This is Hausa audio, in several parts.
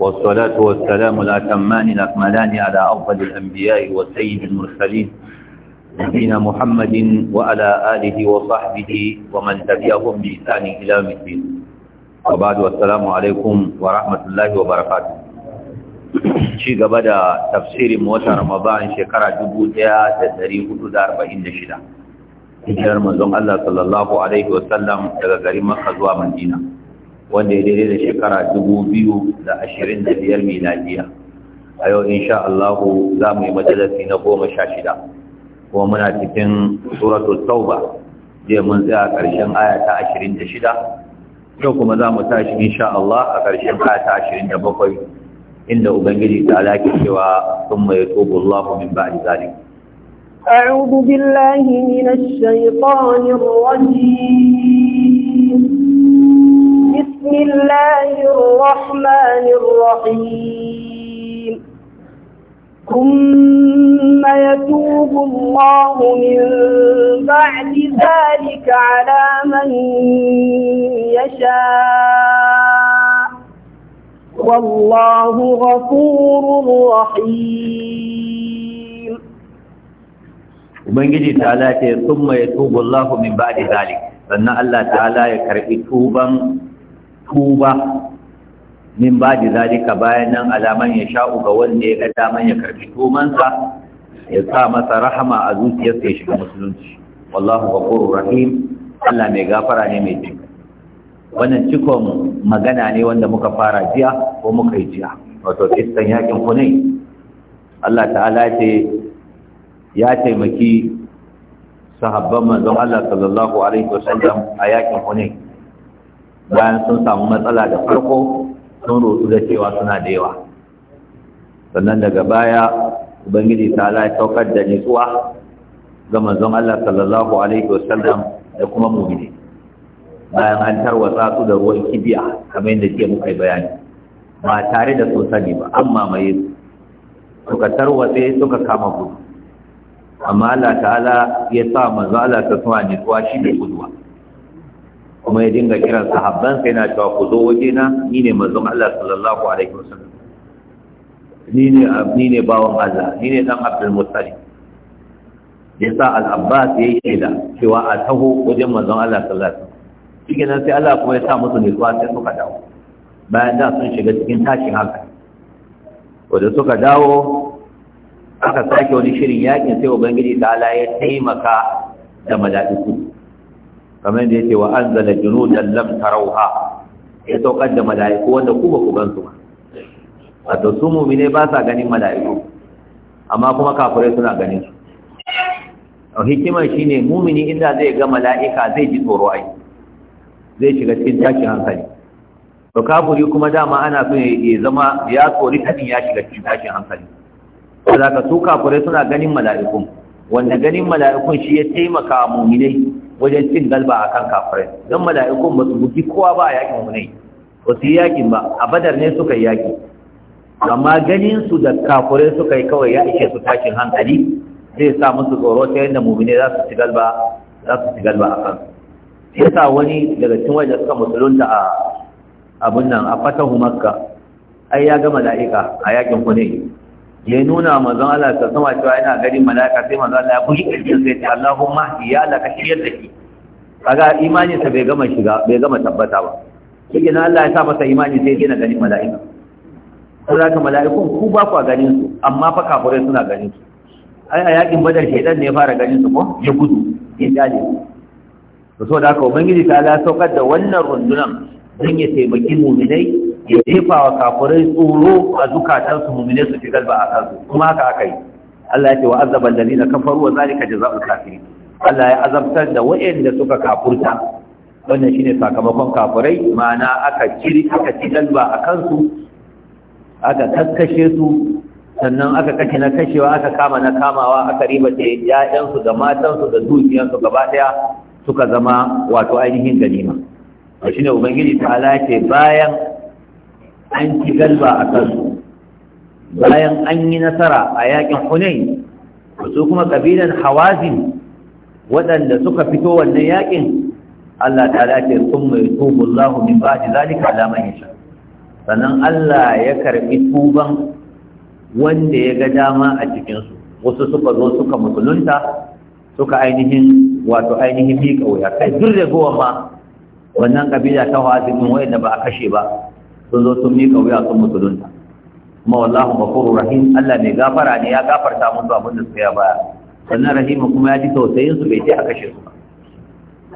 والصلاة والسلام الأتمان الأكملان على أفضل الأنبياء والسيد المرسلين نبينا محمد وعلى آله وصحبه ومن تبعهم بإحسان إلى الدين وبعد والسلام عليكم ورحمة الله وبركاته ci gaba da tafsirin watan Ramadan shekara 1446 hijirar manzon Allah sallallahu alaihi wasallam daga garin Makka zuwa Madina wanda ya daidai da shekara dubu biyu da da ashirin biyar miladiya a yau insha Allah za mu yi majalasi na goma sha shida kuma muna cikin suratul tauba je mun tsaya ƙarshen aya ta ashirin da shida yau kuma za mu tashi insha Allah a ƙarshen aya ta ashirin da bakwai inda ubangiji ta alaki cewa sun mai tobu Allah min ba'di zalik أعوذ بالله من الشيطان الرجيم بسم الله الرحمن الرحيم ثم يتوب الله من بعد ذلك على من يشاء والله غفور رحيم ومن يجي تعالى ثم يتوب الله من بعد ذلك فان الله تعالى يكره توبا tuba min ba da zalika bayan nan alaman ya sha'u ga wanda ya ga daman ya karbi tumansa ya sa masa rahama a zuciyarsa ya shiga musulunci wallahu ghafurur rahim Allah mai gafara ne mai jinka wannan cikon magana ne wanda muka fara jiya ko muka yi jiya wato kistan yakin kunai Allah ta'ala ce ya taimaki sahabban manzon Allah sallallahu alaihi wasallam a yakin hunay bayan sun samu matsala da farko sun rotu da cewa suna da yawa sannan daga baya ubangiji ta ala ya saukar da nutsuwa ga manzon Allah sallallahu alaihi wasallam da kuma mu'mini bayan an tarwatsa su da ruwan kibiya kamar yadda ke muka bayani ba tare da sosani ba amma mai suka tarwatse suka kama gudu amma Allah ta'ala ya sa manzo Allah ta tsuwa ne shi ne guduwa kuma ya dinga kiran sahabban sai na cewa ku zo wajena ni ne manzon Allah sallallahu alaihi wasallam ni ne ni ne bawon Allah ni ne dan Abdul Muttalib yasa al-Abbas yayi shaida cewa a taho wajen manzon Allah sallallahu alaihi wasallam shi kenan sai Allah kuma ya sa musu nutsuwa sai suka dawo bayan da sun shiga cikin tashin haka wanda suka dawo aka sake wani shirin yakin sai ubangiji ta ya taimaka da mala'iku kamar da yake wa anzala junudan lam tarauha ya saukar da mala'iku wanda ku ba ku gan su ba wato su mu'mine ba sa ganin mala'iku amma kuma kafirai suna ganin su a hikimar shine mumini inda zai ga mala'ika zai ji tsoro ai zai shiga cikin tashin hankali to kafiri kuma dama ana so ya zama ya tsori kadin ya shiga cikin tashin hankali saboda su kafirai suna ganin mala'ikun wanda ganin mala'ikun shi ya taimaka mu'minai wajen cin galba akan kafirai don mala'ikun ba su buki kowa ba a yakin hunai ba su yi yakin ba a badar ne suka yi yaki amma ganinsu da kafirai suka yi kawai ya ishe su tashin hankali zai sa musu tsoro ta yadda mumine za su ci galba za su ci akan sa wani daga cin wajen suka musulunta a abin nan a fatahu makka ai ya ga mala'ika a yakin hunai ya nuna manzon Allah ta sama cewa yana garin malaka sai manzon Allah ya fushi kirkin sai ta Allahumma ya laka shiryar da shi kaga imanin sa bai gama shiga bai gama tabbata ba shi na Allah ya sa masa imani sai yana ganin mala'ika ko da ka mala'ikun ku ba ku ganin su amma fa kafirai suna ganin su ai a yakin badar shedan ne ya fara ganin su ko ya gudu ya dale to saboda da haka ubangiji ta Allah saukar da wannan rundunan don ya taimaki muminai ya jefa wa kafirai tsoro a zukatansu mummune su fi galba a kansu kuma haka aka yi Allah ya ce wa azaba alladhina kafaru wa zalika jazaa'ul kafirin Allah ya azabtar da wayanda suka kafurta wannan shine sakamakon kafirai ma'ana aka ciri aka ci galba a kansu aka kakkashe su sannan aka kashe na kashewa aka kama na kamawa aka ta ya'yansu da matansu da dukiyansu gaba daya suka zama wato ainihin ganima shi ne ubangiji ta ce bayan an ci galba a kansu bayan an yi nasara a yakin hunai, su kuma kabilan hawazin waɗanda suka fito wannan yakin Allah ta lace sun mai tubullahu min ba da zalika alaman yasha sannan Allah ya karɓi tuban wanda ya ga dama a cikinsu wasu suka zo suka musulunta suka ainihin wato ainihin miƙa wuya kai duk da gowa ma wannan kabila ta hawazin wanda ba a kashe ba sun zo sun miƙa wuya sun musulunta kuma wallahu ghafurur rahim Allah mai gafara ne ya gafarta musu abin da suka yi baya sannan rahima kuma ya ji tausayin su bai je a kashe su ba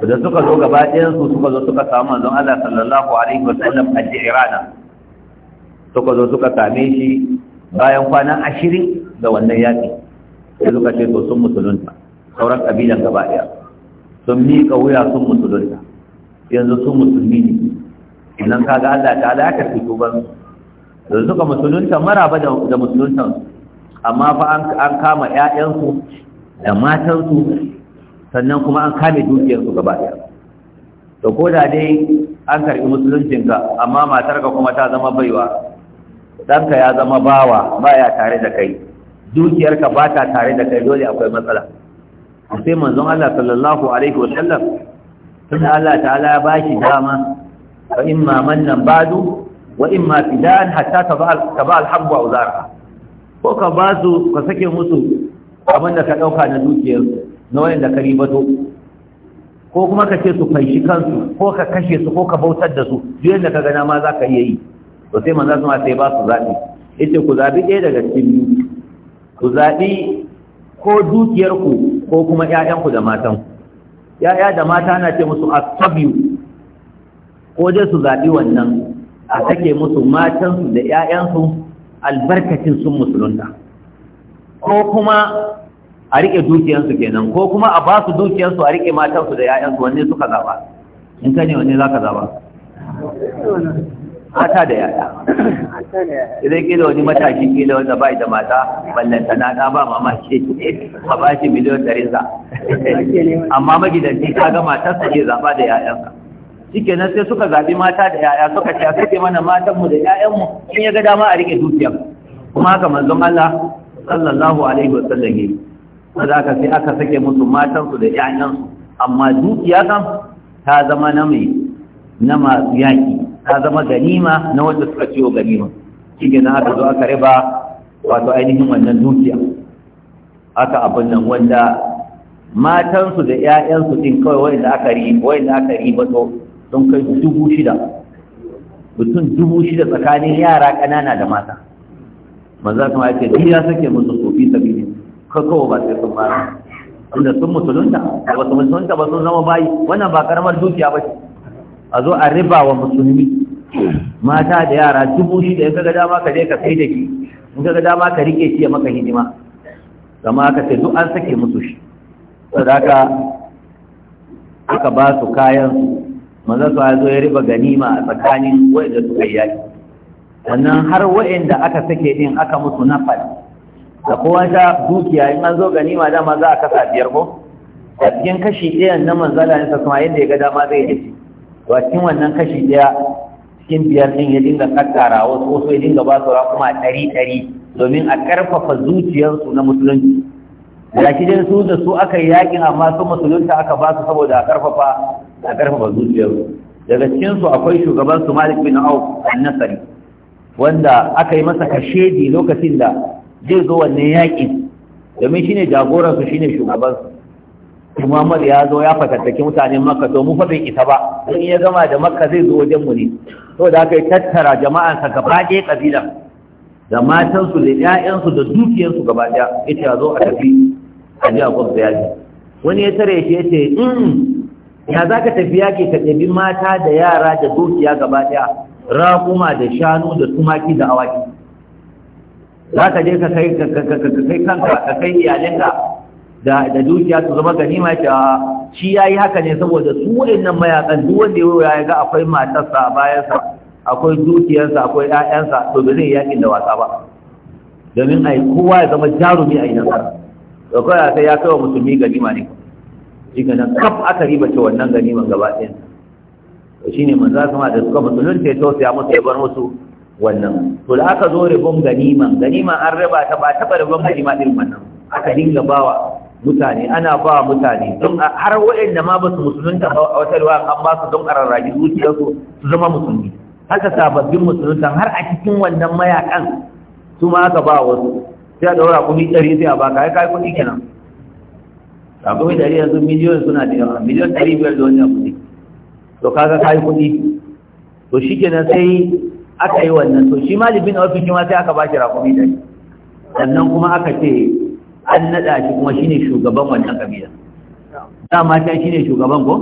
da suka zo gaba ɗayan su suka zo suka samu manzon Allah sallallahu alaihi wa sallam a rana. suka zo suka same shi bayan kwana ashirin da wannan yaƙi sai suka ce to sun musulunta sauran kabilan gaba ɗaya sun miƙa wuya sun musulunta yanzu sun musulmi ne ka ga Allah ta ala su tuban da suka musulunta maraba da musuluntan amma fa an kama ƴaƴansu da matansu sannan kuma an kame dukiyarsu gaba ɗaya to ko da dai an karɓi ka amma matarka kuma ta zama baiwa ɗanka ya zama bawa baya tare da kai dukiyarka ba ta tare da kai dole akwai matsala sai manzon Allah sallallahu alaihi wa sallam tun Allah ta'ala ya bashi dama fa imma mannan badu wa imma fidan hatta taba wa auzara ko ka ka sake musu abin da ka dauka na dukiyar na da ka bato, ko kuma ka ce su fanshi kansu ko ka kashe su ko ka bautar da su duk da ka gana ma za ka iya yi to sai manzo sama sai ba su zaɓi yace ku zaɓi ɗaya daga cikin biyu ku zaɓi ko dukiyarku ko kuma ƴaƴanku da matan, ƴaƴa da mata na ce musu asabiyu ko dai su zaɓi wannan a sake musu matansu da 'ya'yansu albarkacin sun musulunta ko kuma a riƙe dukiyansu kenan ko kuma a ba su dukiyansu a riƙe matansu da 'ya'yansu wanne suka zaɓa in ka ne wanne za ka zaɓa mata da yaya idan kila wani matashi kila wanda ba da mata ballanta na da ba mamaki a ba shi miliyon za amma magidanci ta ga matarsa ke zaɓa da yayansa nan sai suka zabi mata da yaya suka ce kake mana matan mu da yayan mu in ya ga dama a rike dukiya kuma haka manzon Allah sallallahu alaihi wasallam yayi kaza ka sai aka sake musu matan su da yayan su amma dukiya kam ta zama na mai na masu yaki ta zama ganima na wanda suka ciwo ganima nan aka zo aka riba wato ainihin wannan dukiya aka abin nan wanda matansu da 'ya'yansu din kawai wanda aka riba wanda aka riba to sun kai dubu shida mutum dubu shida tsakanin yara ƙanana da mata manzan kuma yake duk ya sake musu sofi sabili kakawa ba sai sun fara inda sun musulunta da su musulunta ba sun zama bayi wannan ba karamar dukiya ba ce a zo a riba wa musulmi mata da yara dubu shida in kaga dama ka je ka kai da shi in kaga dama ka rike shi ya maka hidima kama aka ce duk an sake musu shi Sadaka aka ba su kayan su manzon sa zo ya riba ganima a tsakanin wa'inda suka yi sannan har wa'inda aka sake din aka musu nafal da kowa ta dukiya in an zo ganima dama za a kasa biyar ko a cikin kashi ɗayan na manzala ne sassama yadda ya ga dama zai yi to a cikin wannan kashi ɗaya cikin biyar ɗin ya dinga kakkara wasu wasu ya dinga ba su kuma ɗari ɗari domin a ƙarfafa zuciyarsu na musulunci da shi dai su da su aka yi yaƙin amma su musulunta aka ba su saboda a ƙarfafa a karfafa zuciyarsu daga cikinsu akwai shugaban su malik bin auf annasari wanda aka yi masa kashedi lokacin da zai zo wannan yaƙin domin shine jagoransu shine shugabansu Muhammad ya zo ya fatattaki mutanen Makka to mu fa bai isa ba in ya gama da Makka zai zo wajen mu ne to da aka tattara jama'an sa gaba ɗaya kabila da matan da ƴaƴan da dukiyar su gaba ɗaya ita zo a tafi a ji a gwamnati wani ya tare shi yace in mm, ya za ka tafi yaƙi ka ɗabi mata da yara da dukiya gaba ɗaya raƙuma da shanu da tumaki da awaki za ka je ka kai kanka ka kai iyalinka da dukiya su zama ganima shi ya yi haka ne saboda su waɗannan mayakan duk wanda ya ya ga akwai matarsa a bayansa akwai dukiyarsa akwai 'ya'yansa, to ba zai yaƙin da wasa ba domin ai kowa ya zama jarumi a yi nasara to kawai ya kai wa musulmi ganima ne shi nan kaf aka ribace wannan ganiman gaba ɗaya to ne manzo kuma da suka musulunta ya tausaya musu ya bar musu wannan to da aka zo ribon ganiman ganiman an raba ta ba taɓa ribon ganima irin wannan aka dinga bawa mutane ana ba mutane don har waɗanda ma ba su musulunta ba a wata ruwa an ba su don ƙararraki zuciyarsu su zama musulmi haka sababbin musulunta har a cikin wannan mayakan su ma aka ba wasu sai a ɗaura kuɗi ɗari sai a baka ya kai kuɗi kenan akwai dari yanzu miliyon suna da yawa miliyon ɗari biyar da wani abu ne to kaga kayi kuɗi to shi kenan sai aka yi wannan to shi malibin a ofishin ma sai aka bashi rakumi shi sannan kuma aka ce an naɗa shi kuma shine shugaban wannan ƙabilar dama can shine shugaban ko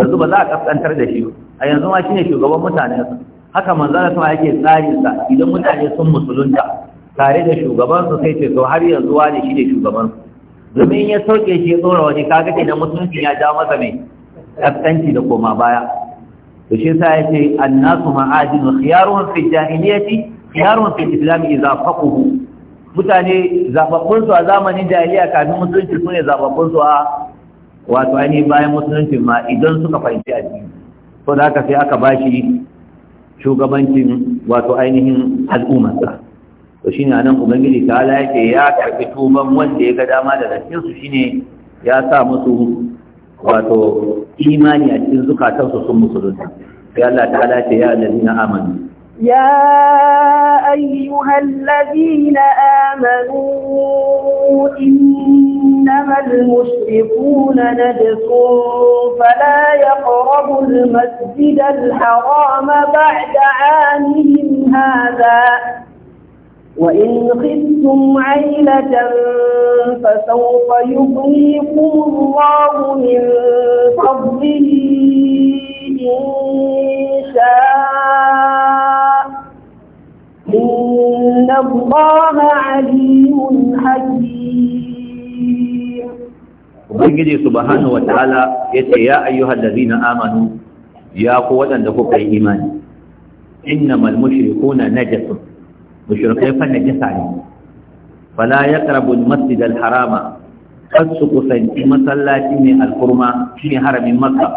yanzu ba za a kaskantar da shi a yanzu ma shine shugaban mutane haka manzara sama yake tsarin sa idan mutane sun musulunta tare da shugaban su sai ce to har yanzu wani shine shugaban su domin ya sauke shi ya tsora waje kaga ke da mutunci ya ja masa mai ƙasƙanci da koma baya to shi sa ya ce annasu ma'adin khiyaruhum fi jahiliyati khiyaruhum fi islam idza faqahu mutane zababbun su a zamanin jahiliya kafin musulunci ne zababbun su a wato ainihin bayan musulunci ma idan suka fahimci addini to da haka sai aka bashi shugabancin wato ainihin sa to shine anan ubangiji ta ala yake ya karbi tuban wanda ya ga dama da cikin su shine ya sa musu wato imani a cikin su sun musulunta sai Allah ta ala ce ya allazina amanu يا أيها الذين آمنوا إنما المشركون نجس فلا يقربوا المسجد الحرام بعد عامهم هذا وإن خذتم عيلة فسوف يضيكم الله من فضله إن شاء إن الله عليم حكيم وبنجي سبحانه وتعالى يا أيها الذين آمنوا يا قوة لكم إيمان إنما المشركون نجسون mushrikai fa najasa ne fala yaqrabu al-masjid al-harama kad su kusanci masallaci mai alkurma shine haramin makka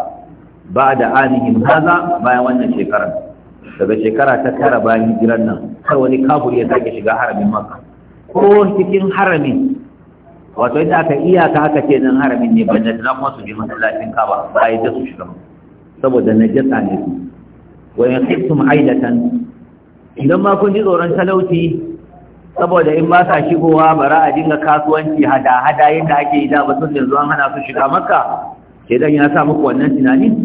ba da anihim haza bayan wannan shekarar daga shekara ta tara bayan hijiran nan har wani kafur ya sake shiga haramin makka ko cikin haramin wato inda aka iyaka aka ce nan haramin ne banda na kuma su je masallacin kaba ba ya su shiga saboda najasa ne su wa in aidatan idan ma kun ji tsoron talauci saboda in ba sa shigowa bara a dinga kasuwanci hada-hada yadda ake yi da ba sun yanzu an hana su shiga makka dan ya sa muku wannan tunani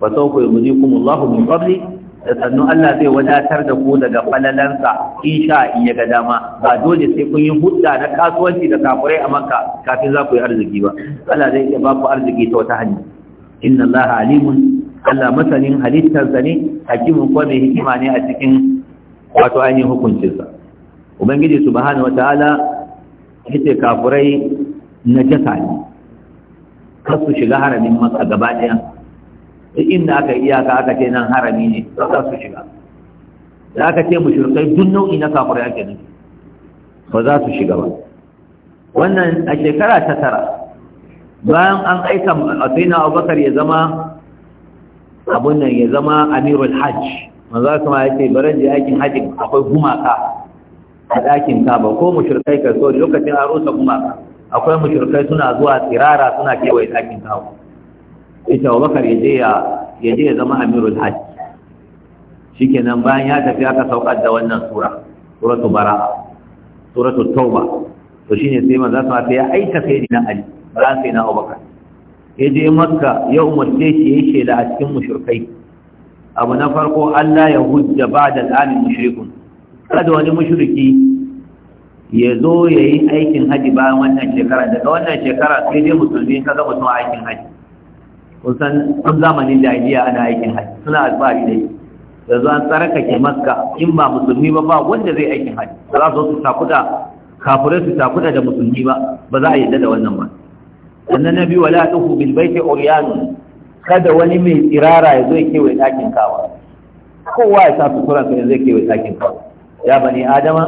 yanzu sawfa kuma Allahu min qabli da sannu Allah zai wadatar da ku daga falalansa insha in ya ga dama ba dole sai kun yi hudda na kasuwanci da kafurai a makka kafin za ku yi arziki ba Allah zai iya ba ku arziki ta wata hanya inna Allah alimun Allah masanin halittar ne hakimin kwame mai hikima ne a cikin wato ainihin hukuncinsa ubangiji subhanahu wataala ita kafurai na jasa ne kar su shiga haramin maka gaba ɗaya duk inda aka iyaka aka ce nan harami ne kar su shiga da aka ce mushrikai duk nau'i na kafurai ake nufi ba za su shiga ba wannan a shekara ta tara bayan an aika asina abubakar ya zama abun nan ya zama amirul hajj manzo kuma ya ce baran je aikin hajji akwai gumaka a ɗakin kaba ko mushrikai ka so lokacin an rusa gumaka akwai mushrikai suna zuwa tsirara suna kewaye ɗakin kaba ita wa ya je ya ya je ya zama amirul hajji shikenan bayan ya tafi aka saukar da wannan sura suratu bara suratu tauba to shine sai manzo kuma ya aika sai na ali ba sai na Abubakar ya je makka yau umarce shi ya yi shela a cikin mushrikai abu na farko Allah ya hujja ba da al'amin mashirikun kada wani mashiriki ya zo ya yi aikin haji bayan wannan shekara daga wannan shekara sai dai musulmi ka zama suna aikin haji kusan tun zamanin jahiliya ana aikin haji suna alfahari da shi da zuwa tsarkake Maska, in ba musulmi ba ba wanda zai aikin haji ba za su takuda kafirai su takuda da musulmi ba ba za a yadda da wannan ba sannan na biyu wala tuhu bil baiti uryanun kada wani mai tsirara ya zo ya kewaye ɗakin kawa kowa ya sa suturan su ya zai kewaye ɗakin kawa ya bani adama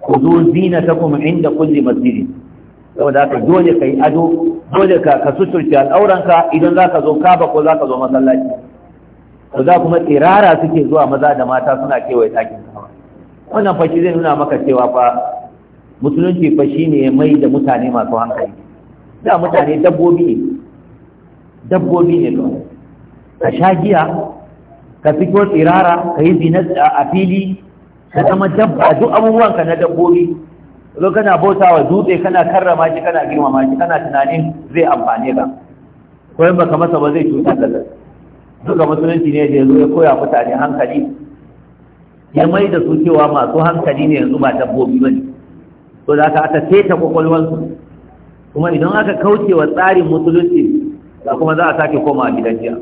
ku zo zina ta kuma inda kulli masjidi saboda haka dole ka yi ado dole ka ka suturce al'auranka idan za ka zo kaba ko za ka zo masallaci ku za kuma tsirara suke zuwa maza da mata suna kewaye ɗakin kawa wannan fashi zai nuna maka cewa fa musulunci fashi ne mai da mutane masu hankali da mutane dabbobi ne dabbobi ne don. ka sha giya ka fito tsirara ka yi zina a fili ka zama dabba duk abubuwan ka na dabbobi zo kana bauta wa dutse kana karrama shi kana girmama shi kana tunanin zai amfane ka ko in baka masa ba zai cutar da Duk duka musulunci ne da yazo ya koya mutane hankali ya mai da su cewa masu hankali ne yanzu ba dabbobi ba ne. to da aka aka seta kwakwalwansu kuma idan aka kauce wa tsarin musulunci da kuma za a sake koma a gidan jiya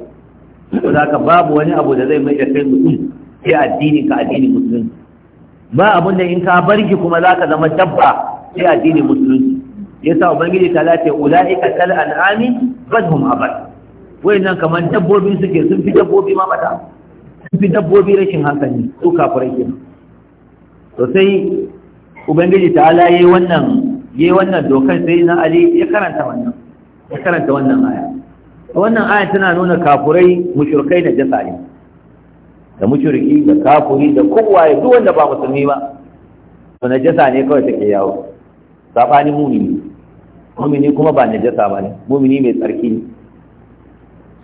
ko za ka babu wani abu da zai mai da kai mutum sai addini ka addini musulunci ba abun da in ka bar ki kuma za ka zama dabba sai addini musulunci sa ubangiji ta lace ula'ika kal an'ami badhum abad wayannan kamar dabbobi suke sun fi dabbobi ma mata sun fi dabbobi rashin hankali su kafirai ke to sai ubangiji ta'ala yayi wannan yayi wannan dokar sai na ali ya karanta wannan ya karanta wannan aya wannan aya tana nuna kafurai mushrikai da jasa ne da mushriki da kafuri da kowa ya duk wanda ba musulmi ba to jasa ne kawai take yawo sabanin mumini mumini kuma ba jasa ba ne mumini mai tsarki ne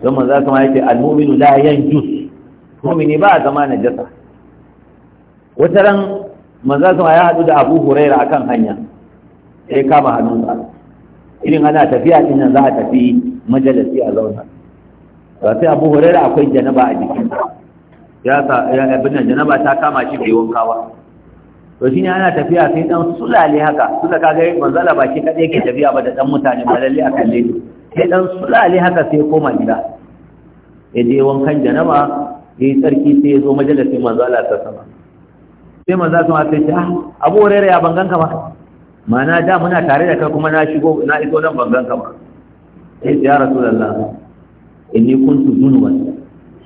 don manzo kuma ce, al-mu'minu la yanjus mumini ba zama na wata ran manzo kuma ya hadu da Abu Huraira akan hanya sai kama hannunsa irin ana tafiya din nan za a tafi majalisi a zauna ba sai abu hurera akwai janaba a jikin ya sa abin nan janaba ta kama shi bai wanka ba to shi ne ana tafiya sai dan sulale haka suka kaga manzala ba shi kadai yake tafiya ba da dan mutane ba lalle a kalle shi sai dan sulale haka sai koma gida ya je wankan janaba ya yi tsarki sai ya zo majalisin manzala ta sama sai manzala ta sama sai ce ah abu hurera ya banganka ba mana da muna tare da kai kuma na shigo na iso nan bangan ka ba sai ya rasulullah inni kuntu dunuban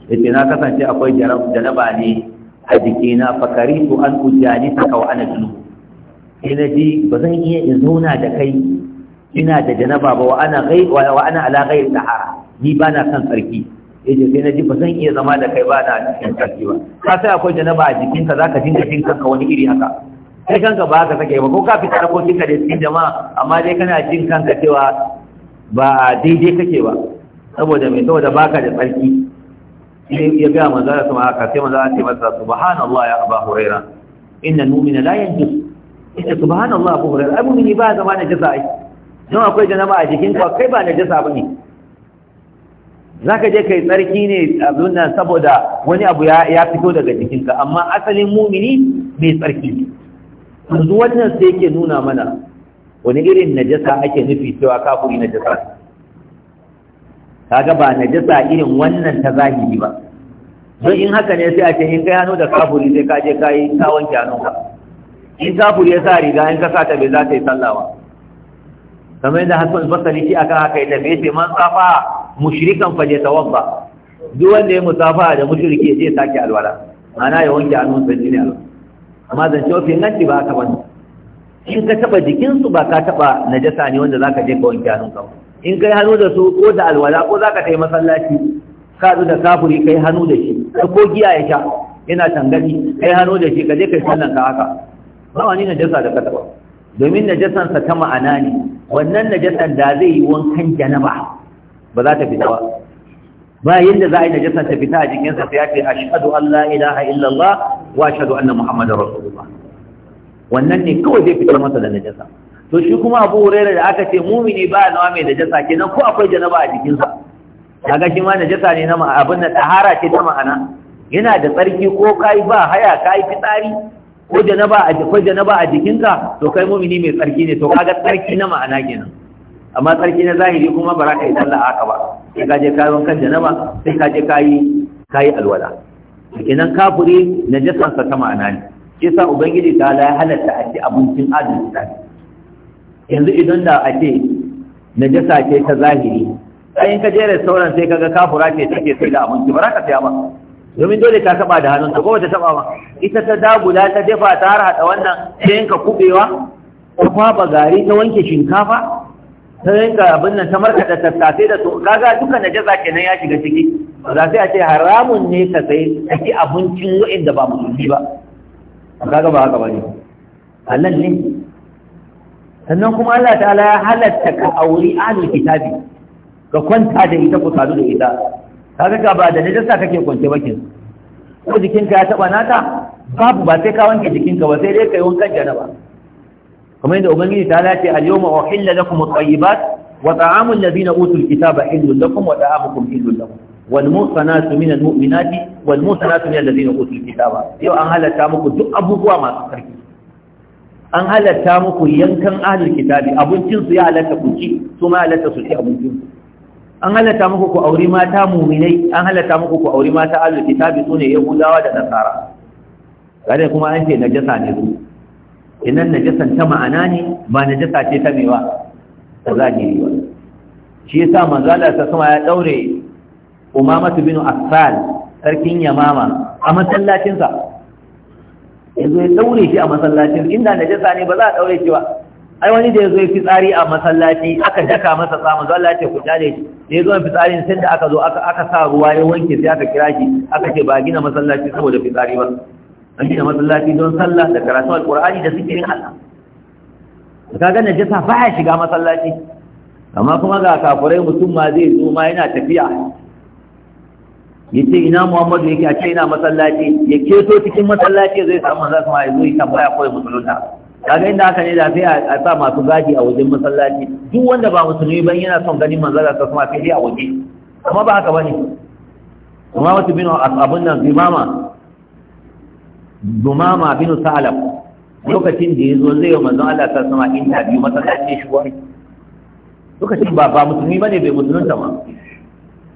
yace na kasance akwai janaba ne a jikina to an ujani ta kawo ana junub sai na ji ba zan iya in zauna da kai ina da janaba ba wa ana gai wa ana ala gai sahara ni ba na kan sarki yace sai na ji ba zan iya zama da kai ba na cikin sarki ba ka sai akwai janaba a jikinka zaka dinga jin kanka wani iri haka kai kanka ba haka take ba ko ka fitar ko kika da cikin jama'a amma dai kana jin kanka cewa ba daidai kake ba saboda mai saboda baka da tsarki ya ga da sama haka sai manzara ce masa subhanallah ya abu huraira inna mu'mina la yanjus ita subhanallah abu huraira ai mu'mini ba zama na jasa don akwai jama'a a jikin ka kai ba na jasa bane zaka je kai tsarki ne abun nan saboda wani abu ya fito daga jikinka amma asalin mu'mini mai tsarki ne yanzu wannan sai yake nuna mana wani irin najasa ake nufi cewa kafuri najasa kaga ba najasa irin wannan ta zahiri ba don in haka ne sai a ce in ka hannu da kafuri sai ka je ka yi ka wanke ka in kafuri ya sa riga in ka sa ta bai za ta yi sallah ba kamar yadda hasan basali shi akan haka ya tafi ce man safa mushrikan fa je tawabba duk wanda ya musafa da mushriki ya je sake alwala ma'ana ya wanke hannunsa ne alwala amma zance mafi nan ba haka wani in ka taba jikinsu ba ka taba najasa ne wanda za ka je ka wanke hannunka in kai hannu da su ko da alwala ko za ka kai masallaci ka zo da kafuri kai hannu da shi ko giya ya sha yana tangani kai hannu da shi ka je kai sallan ka haka ba wani najasa da ka taba domin sa ta ma'ana ne wannan najasan da zai yi wankan janaba ba za ta fita ba ba yadda za a yi najasa ta fita a jikinsa sai ya ce ashhadu an la ilaha illallah wa ashhadu anna muhammadar rasulullah wannan ne kawai zai fitar masa da najasa to shi kuma abu hurera da aka ce mumini ba nawa mai najasa kenan ko akwai janaba a jikinsa kaga shi ma najasa ne na abin da tahara ce ta ma'ana yana da tsarki ko kai ba haya kai fitsari ko janaba a ko janaba a jikinka to kai mumini mai tsarki ne to kaga tsarki na ma'ana kenan amma tsarki na zahiri kuma ba za ka yi sallah haka ba sai ka je ka yi kan janaba sai ka je ka yi alwala kenan na najasansa ta ma'ana ne shi sa ubangiji ta ala ya halatta a ci abincin adalci ta yanzu idan da a ce najasa ce ta zahiri in ka jere sauran sai kaga kafura ce take sai da abinci ba za ka saya ba domin dole ta saba da hannunta ko wata saba ba ita ta dagula ta dafa ta har hada wannan sai ka kubewa ta kwaba gari ta wanke shinkafa sai yanka abin nan ta markaɗa tattafe da su kaga duka najasa kenan ya shiga ciki za sai a ce haramun ne ka sai ka ci abincin wa'in da ba musulmi ba kaga ba haka bane halal ne sannan kuma Allah ta'ala ya halatta ka auri ahlul kitabi ka kwanta da ita ku sadu da ita kaga ga ba da najasa kake kwance ba kin ko jikinka ya taba nata babu ba sai ka wanke jikinka ba sai dai kai wankan janaba Kuma yadda ubangiji ta lati al-yawma uhilla lakum at-tayyibat wa ta'amul ladina utul kitaba hillun lakum wa ta'amukum hillun lakum wal musanatu minal mu'minati wal musanatu minal ladina utul kitaba yau an halatta muku duk abubuwa masu sarki an halatta muku yankan ahlul kitabi abincin su ya halatta ku ci su ma halatta su ci abincin su an halatta muku ku auri mata muminai an halatta muku ku auri mata ahlul kitabi sune yahudawa da nasara gare kuma an ce najasa ne su inan najasan ta ma'ana ne ba najasa ce ta mewa ta zahiri ba shi yasa manzala ta sama ya daure umamatu bin asal sarkin yamama a masallacinsa yanzu ya daure shi a masallacin inda najasa ne ba za a daure shi ba ai wani da ya zo fi tsari a masallaci aka daka masa sa zuwa Allah ce ku dale shi da ya zo fi tsarin sai da aka zo aka sa ruwa ya wanke sai aka kira shi aka ce ba gina masallaci saboda fi tsari ba an gina masallaci don sallah da karatun alkur'ani da sikirin Allah ka ga najasa ba ya shiga masallaci amma kuma ga kafurai mutum ma zai zo ma yana tafiya yace ina Muhammadu yake a ce ina masallaci ya keto cikin masallaci zai samu maza kuma ma zo ya tambaya ko ya musulunta kaga inda aka ne da sai a sa masu gadi a wajen masallaci duk wanda ba musulmi ban yana son ganin manzara ta kuma sai a waje amma ba haka bane amma wata bin abun nan mama. Dumama bin Salaf lokacin da ya zo zai yi manzon Allah ta sama interview masallacin shi wani lokacin ba ba musulmi bane bai musulunta ba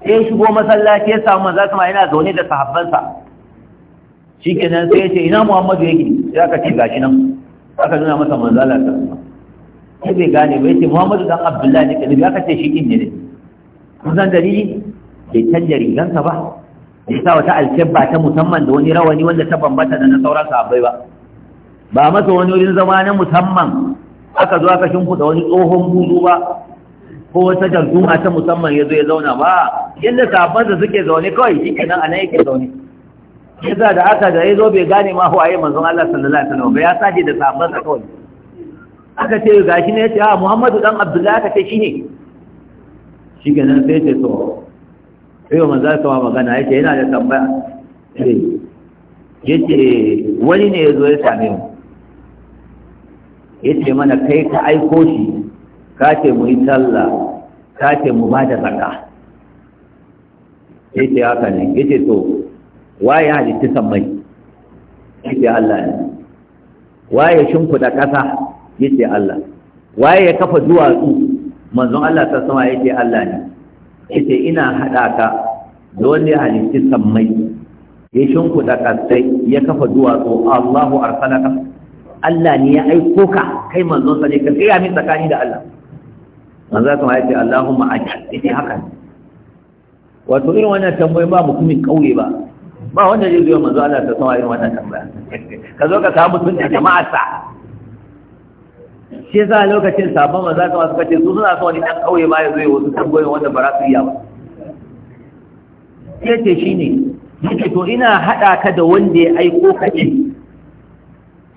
sai shigo masallaci ya samu manzon sama yana zaune da sahabbansa shikenan sai ya ce ina Muhammadu yake sai aka ce gashi nan aka nuna masa manzon Allah ta sama sai bai gane ba ya ce Muhammadu dan Abdullahi ne kaje aka ce shi kin ne ne kun san dalili bai canja rigansa ba ya sa wata alkebba ta musamman da wani rawani wanda ta bambanta da na sauran sahabbai ba ba masa wani wurin zama na musamman aka zo aka shinku da wani tsohon gudu ba ko wata jarduma ta musamman ya zo ya zauna ba yadda sahabban da suke zaune kawai shi nan a nan yake zaune yasa da aka da ya zo bai gane ma huwaye manzon Allah sallallahu alaihi wasallam ba ya saje da sahabban sa kawai aka ce gashi ne ya ce a ah, Muhammadu dan Abdullahi aka ce shine shi nan sai ce to sai wa manzo sama magana yace yana da tambaya eh, yace wani ne ya zo ya same mu yace mana kai ka aiko shi ka ce mu yi talla? ka ce mu ba da ya yace haka ne yace to waye halitta ya ce Allah ne waye shimfida kasa yace Allah waye ya kafa duwatsu manzon Allah ta sama ya ce Allah ne ita ina hada ka da wanda ya halitti sammai ya shimfiɗa kasai ya kafa duwatsu Allahu arsalaka Allah ne ya aiko ka kai manzon sa ne ka tsaya min tsakani da Allah manzo kuma yace Allahumma ajal ita haka wato irin wannan tambayoyi ba mutumin kauye ba ba wanda zai zo manzo Allah ta sama irin wannan tambaya ka zo ka samu mutum da jama'arsa shi yasa lokacin sabon maza kama suka ce su suna son ɗan kauye ma ya zo ya wasu tambayoyin wanda ba za su iya ba ya ce shi ne ce to ina haɗa ka da wanda ya aiko ka ce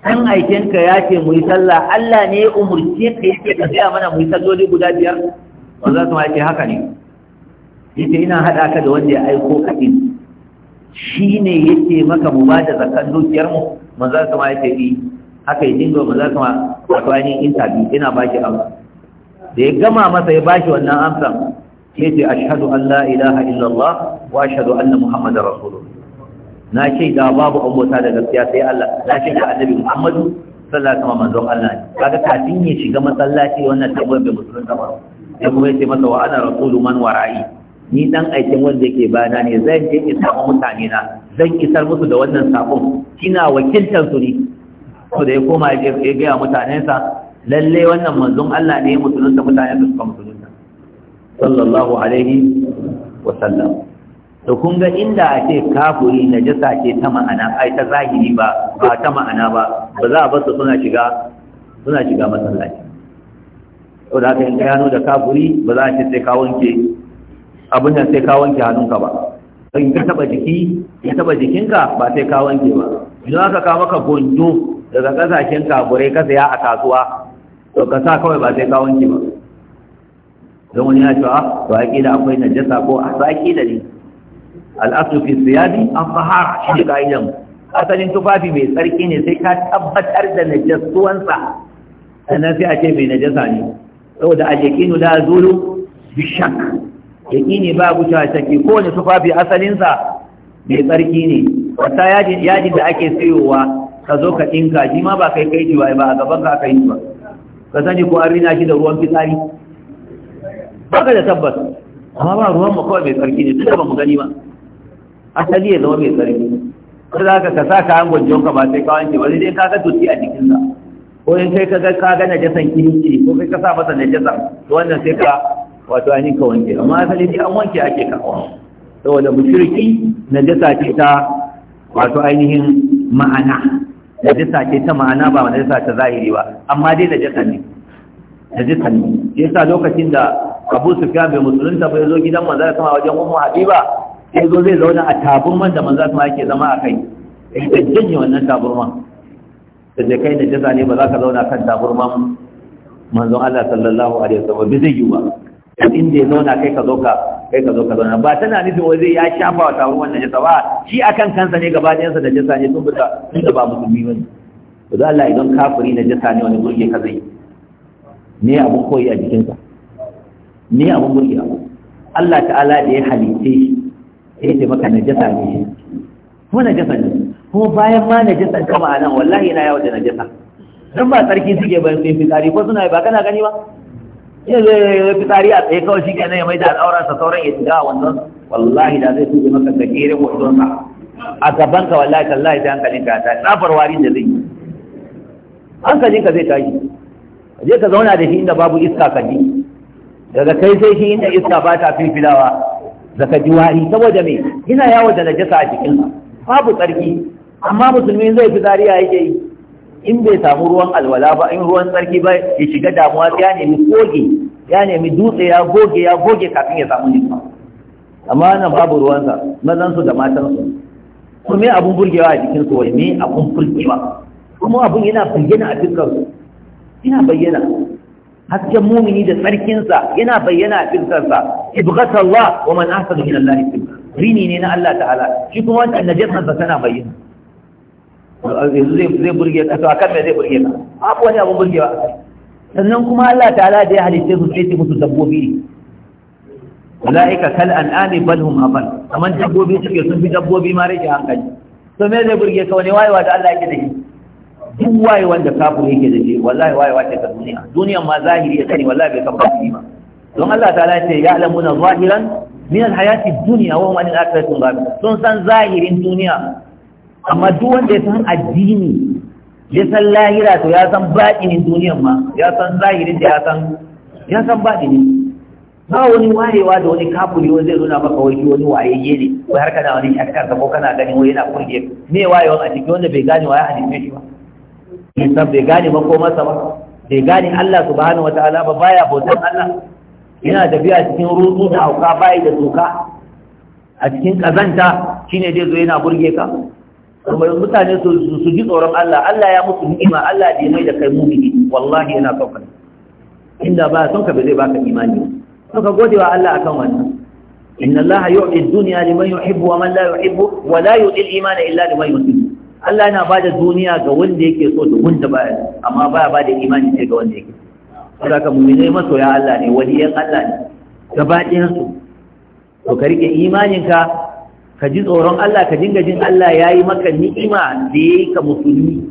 an ka ya ce mu yi sallah Allah ne ya umurce ka yake ka tsaya mana mu yi salloli guda biyar Maza su ma ce haka ne ce ina haɗa ka da wanda ya aiko ka ce shi ne ya ce maka mu ba da zakan dukiyar mu Maza su ma ce yi eh, haka yi dingo manzo su ma wato ainihin intabi ina ba shi amsa da ya gama masa ya ba shi wannan amsan Ke ce ashhadu an la ilaha illallah wa ashhadu anna muhammadar rasulullah na ce da babu an bauta da gaskiya sai Allah na ce da annabi muhammadu sallallahu alaihi manzon Allah ne kaga kafin ya shiga masallaci wannan tabbayar bai musulunta ba ya kuma ya ce masa wa ana rasulu man wara'i ni dan aikin wanda yake bana ne zan je in samu mutane na zan isar musu da wannan sakon kina wakiltar su ne to da ya koma ya gaya mutanensa lalle wannan manzon Allah ne musulunta mutane da suka musulunta sallallahu alaihi wa sallam to kun ga inda ake kafuri najasa ce ta ma'ana ai ta zahiri ba ba ta ma'ana ba ba za a bar su suna shiga suna shiga masallaci to da haka in ka yano da kafuri ba za a ce sai ka wanke abin da sai ka wanke hannunka ba in ka taba jiki ya taba jikinka ba sai ka wanke ba idan aka kawo maka gondo daga kasashen kaburai ka saya a kasuwa to ka sa kawai ba sai ka wanke ba don wani ya cewa ah, to haƙi da akwai najasa ko a saki da ne al'asu fi siyadi an fahara shi ne ka'idan asalin tufafi mai tsarki ne sai ka tabbatar da najasuwansa sannan sai a ce mai najasa ne saboda a yakinu la zulu bi shak yakini ba gucewa shakki ne tufafi asalinsa mai tsarki ne wata yajin da ake siyowa ka zo ka ɗinka shi ma ba kai kai shi ba a gaban ka aka yi ba ka sani ko an rina shi da ruwan fitsari ba ka da tabbas amma ba ruwan mu kawai mai tsarki ne tunda ba mu gani ba asali ya zama mai tsarki kar za ka ka sa kayan gwanjon ka ba sai ka wanke wani dai ka ga dutse a jikinsa ko in kai ka ga ka ga najasan kiri ko kai ka sa masa najasan to wannan sai ka wato ainihin ka wanke amma asali dai an wanke ake kawo saboda mushriki najasa ce ta wato ainihin ma'ana najisa ce ta ma'ana ba najisa ta zahiri ba amma dai najisa ne najisa ne yasa lokacin da Abu Sufyan bai musulunta ba zo gidan manzo sama wajen Ummu Habiba sai zo zai zauna a taburman da manzon sama yake zama a kai sai ta janye wannan taburman da zai kai najisa ne ba za ka zauna kan taburman manzon Allah sallallahu alaihi wasallam bai zai yi ba inda ya zauna kai ka zo ka kai ka zo ka zauna ba tana nufin wai zai ya shafa wa taron wannan jasa ba shi akan kansa ne gaba ɗayansa da jasa ne sun fita tun da ba musulmi ba ne to za Allah idan kafiri na jasa ne wani burge ka zai ne abun koyi a jikinsa ne abun burge Allah ta'ala da ya halitte shi ya ce maka jisa ne shi kuma jisa ne kuma bayan ma na jisa kama a nan wallahi yana yawon da jisa dan ba tsarki suke bayan sun fitsari ko suna yi ba kana gani ba ya zai fitari a tsaye kawai shi kenan ya mai da al'aura sa sauran ya shiga wannan wallahi da zai tuje maka da kere hoton sa a gaban ka wallahi tallahi da hankalin ka ta tsafar wari da zai hankalin ka zai tashi je ka zauna da shi inda babu iska ka ji daga kai sai shi inda iska ba ta filfilawa ka ji wari saboda me ina yawo da najasa a jikin babu tsarki amma musulmi zai fitari ya yake yi in bai samu ruwan alwala ba in ruwan tsarki ba ya shiga damuwa ya nemi goge ya nemi dutse ya goge ya goge kafin ya samu nisma amma nan babu ruwansa mazansu da matansu su me abun burgewa a jikin su wai me abun burgewa kuma abun yana bayyana a su. yana bayyana hasken mumini da tsarkinsa yana bayyana a sa. ibghat Allah wa man ahsana min Allah rini ne na Allah ta'ala shi kuma wannan najasa tana bayyana yanzu zai burge ka a kan me zai burge ka abu wani abu burgewa sannan kuma Allah ta'ala da ya halitta su sai musu dabbobi ulaika kal an'ami bal hum afal Kamar dabbobi suke sun fi dabbobi ma rage hankali to me zai burge ka wani wayewa da Allah yake da shi duk wayewa da kafir yake da shi wallahi wayewa ce ta duniya duniyan ma zahiri ya sani wallahi bai san ba ba don Allah ta'ala ya ce ya ya'lamuna zahiran min al-hayati ad-dunya wa hum an al-akhirati ghafilun sun san zahirin duniya amma duk wanda ya san addini ya san lahira to ya san baɗinin duniyan ma ya san zahirin da ya san ya san baɗinin ba wani wayewa da wani kafuri wani zai nuna maka wani wani wayayye ne ko har kana wani shakkar ka ko kana ganin wani yana kurge me wayewa a ciki wanda bai gane waye hadisi shi ba san bai gane ba ko masa ba bai gane Allah subhanahu wataala ba baya bautan Allah yana tafiya cikin rutu da hauka bai da doka a cikin kazanta shine zai zo yana burge ka kuma mutane su ji tsoron Allah Allah ya musu ni'ima Allah ya mai da kai mumini wallahi ina son ka inda ba son ka zai baka imani to ka gode wa Allah akan wannan inna Allah yu'ti ad-dunya liman yuhibbu wa man la yuhibbu wa la yu'ti al-iman illa liman yuhibbu Allah yana bada duniya ga wanda yake so da wanda ba amma baya bada imani sai ga wanda yake saboda ka mumini masoya Allah ne waliyan Allah ne gaba ɗayan su to ka rike imaninka ka ji tsoron Allah ka dinga jin Allah ya yi maka ni'ima da ya yi ka musulmi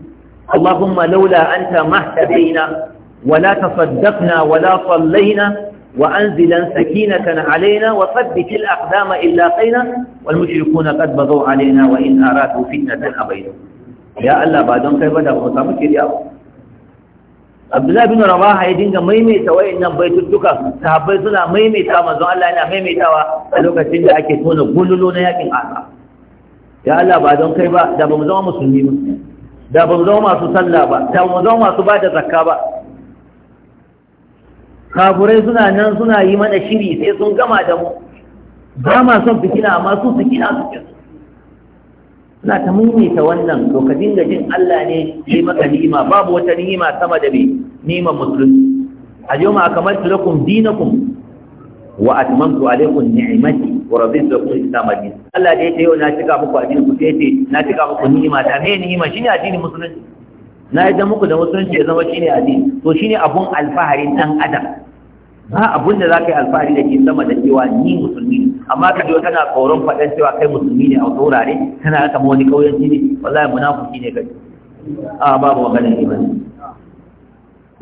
Allahumma laula anta mahtadaina wala tasaddaqna la sallaina wa anzilan sakinatan alaina wa thabbit al-aqdama illa qaina wal mushrikuna qad baghaw alaina wa in aradu fitnatan abayna ya Allah ba don kai ba da ba mu samu kiriya abdullahi bin rawaha ya dinga maimaita wayannan baituttukan sahabbai suna maimaita manzon Allah yana maimaitawa a lokacin da ake tona gululu na yakin asa ya Allah ba don kai ba da bamu zama musulmi ba da bamu zama masu sallah ba da bamu zama masu bada zakka ba kafurai suna nan suna yi mana shiri sai sun gama da mu ba ma son fikina amma su su kina su na ta maimaita wannan to ka dinga jin Allah ne ya maka ni'ima babu wata ni'ima sama da bi ni'imar musulunci al-yawma kamar lakum dinakum wa atmamtu alaykum ni'mati wa raditu lakum al-islam din Allah da yake yau na cika muku addini ku sai na cika muku ni'ima ta me ni'ima shine addini musulunci na yadda muku da musulunci ya zama shine addini to shine abun alfaharin dan adam ba abun da za ka yi alfahari da ke sama da cewa ni musulmi ne amma ka ji kana tsoron faɗan cewa kai musulmi ne a wasu wurare kana kama wani ƙauyenci ne wallahi munafiki ne kai a babu maganin ba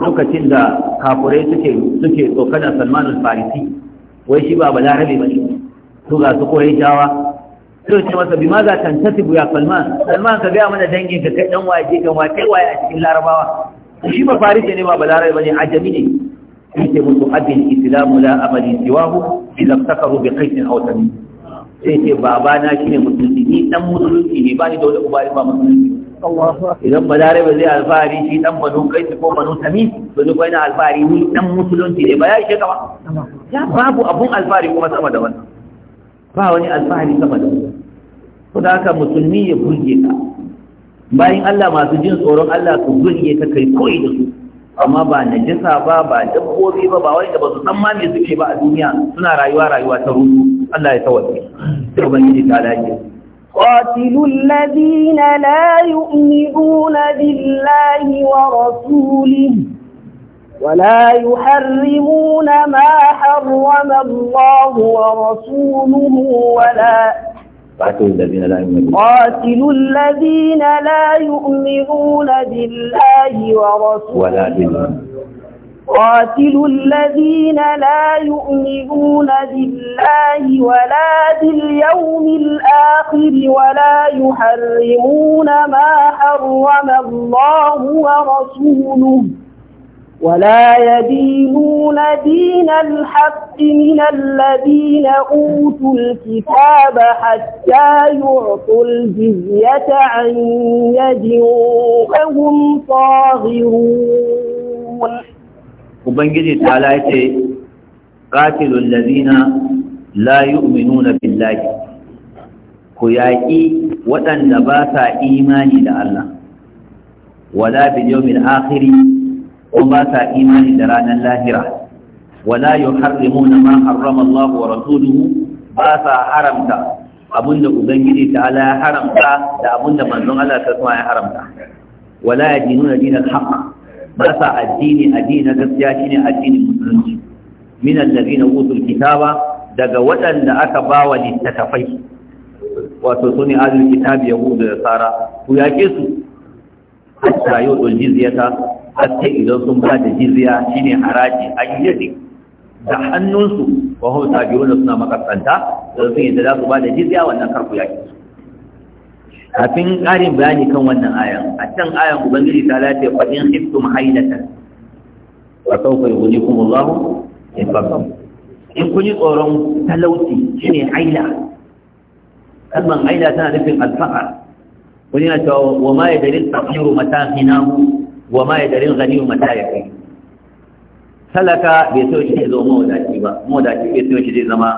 lokacin da kafurai suke suke tsokanar salman al-farisi wai shi ba balarabe ba ne su ga su koyi jawa sai ce masa bi ma za ta tasibu buya salman salman ka gaya mana dangin ka kai dan waje kan wace waye a cikin larabawa shi ba farisi ne ba balarabe ba ne ajami ne yake musu abin islamu la amali siwahu idan takaru bi qaisin aw tamin sai ce baba na shine musulmi ni dan musulunci ne ba ni da wani uba ba musulunci idan balare ba zai alfahari shi dan banu kai ko banu tami to duk wani alfahari ni dan musulunci ne ba ya shi kama? ya babu abun alfahari kuma sama da wannan ba wani alfahari sama da wannan to da haka musulmi ya burge ka bayan Allah masu jin tsoron Allah su burge ka kai koyi da su amma ba najisa ba ba dabbobi ba ba wanda ba su san ma me suke ba a duniya suna rayuwa rayuwa ta rudu Allah ya tawalle ban ubangiji ta lafiya قاتلوا الذين لا يؤمنون بالله ورسوله ولا يحرمون ما حرم الله ورسوله ولا قاتلوا الذين لا يؤمنون قاتلوا الذين لا يؤمنون بالله ورسوله ولا بالله قاتلوا الذين لا يؤمنون بالله ولا باليوم الآخر ولا يحرمون ما حرم الله ورسوله ولا يدينون دين الحق من الذين أوتوا الكتاب حتى يعطوا الجزية عن يد وهم صاغرون وبنجي تعالى قاتل الذين لا يؤمنون بالله كياكي ودن باسا إيماني لله ولا باليوم الآخر ko ba sa imani da ranar lahira wala yuharrimuna ma harrama Allah wa rasuluhu ba sa haramta abinda ubangiji ta ala ya haramta da abinda manzon Allah ta ya haramta wala yadinuna dinal haqq ba sa addini addini gaskiya shine addinin musulunci min allazina utul kitaba daga waɗanda aka bawa littattafai wato sune ahlul kitabi yahudu da sara ku su hatta yau dul jizyata hatta idan sun ba da jizya shine haraji yi yadi da hannunsu wa hum tajiruna suna makasanta da sun yi da za su ba da jizya wannan karku yaki kafin ƙarin bayani kan wannan ayan a can ayan ubangiji ta lafiya fa in khiftum haidatan wa sawfa kuma Allahu in faqam in kun yi tsoron talauci shine aila kalman aila tana nufin alfa'ar wani na cewa wa ma ya dalil fakiru mata hinahu wa ma ya dalil ganiyu mata ya kai talaka bai so shi zai zama mawadaci ba mawadaci bai so shi zai zama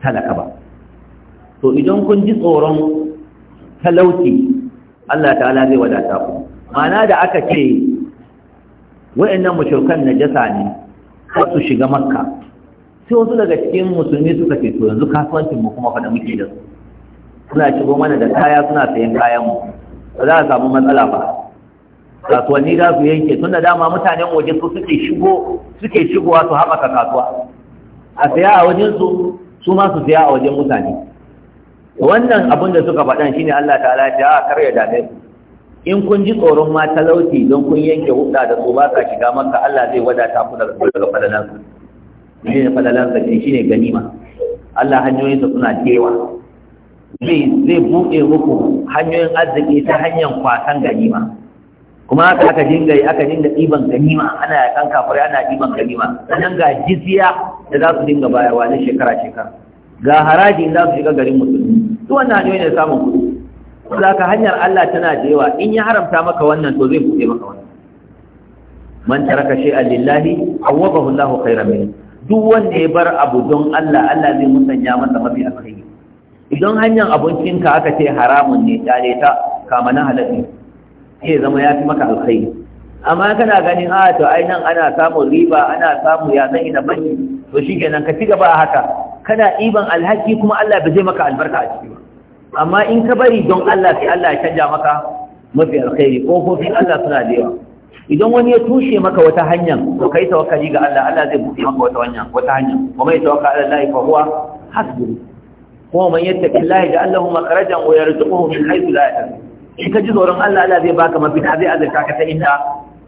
talaka ba to idan kun ji tsoron talauci Allah ta'ala zai wadata ku ma'ana da aka ce wa'annan mushrikan najasa ne har su shiga makka sai wasu daga cikin musulmi suka ce to yanzu kasuwancin mu kuma faɗa muke da su suna shigo mana da kaya suna sayan kayan mu ba za a samu matsala ba kasuwanni za su yanke da dama mutanen waje su suke shigo suke shigowa su haɓaka kasuwa a saya a wajen su su ma su saya a wajen mutane wannan abin da suka faɗan shine Allah ta'ala ya a ah, karya da su. in kun ji tsoron ma talauci don kun yanke hudda da su ba ka shiga maka Allah zai wadata ku daga fadalansa shine shi shine ganima Allah hanyoyinsa suna kewa zai buɗe muku hanyoyin arziki ta hanyar kwasan ganima kuma haka aka dinga aka dinga ɗiban ganima ana yakan kafirai ana ɗiban ganima sannan ga jizya da za su dinga bayarwa na shekara shekara ga haraji za su shiga garin musulmi duk wannan hanyoyi ne samun kuɗi za ka hanyar Allah tana da yawa in ya haramta maka wannan to zai buɗe maka wannan man taraka shay'an lillahi awwabahu Allahu khairan min duk wanda ya bar abu don Allah Allah zai musanya masa mafi alkhairi idan hanyar abincinka aka ce haramun ne tare ta kama na halatta sai zama ya fi maka alkhairi amma kana ganin a ah, to ai nan ana samun riba ana samu ya san ina bani to shikenan ka ci gaba haka kana iban alhaki kuma Allah bai zai maka albarka a ciki ba amma in ka bari don Allah sai Allah ya canja maka mafi alkhairi kofofin Allah suna da yawa idan wani ya tushe maka wata hanya to kai tawakkali ga Allah Allah zai buɗe maka wata hanya wata hanya kuma ya tawakkala Allah fa huwa hasbuhu kuma man yattaqillahi ja'al lahu makhrajan wa yarzuquhu min haythu la yahtasib in ka ji tsoron Allah Allah zai baka mafita zai azurta ka ta inda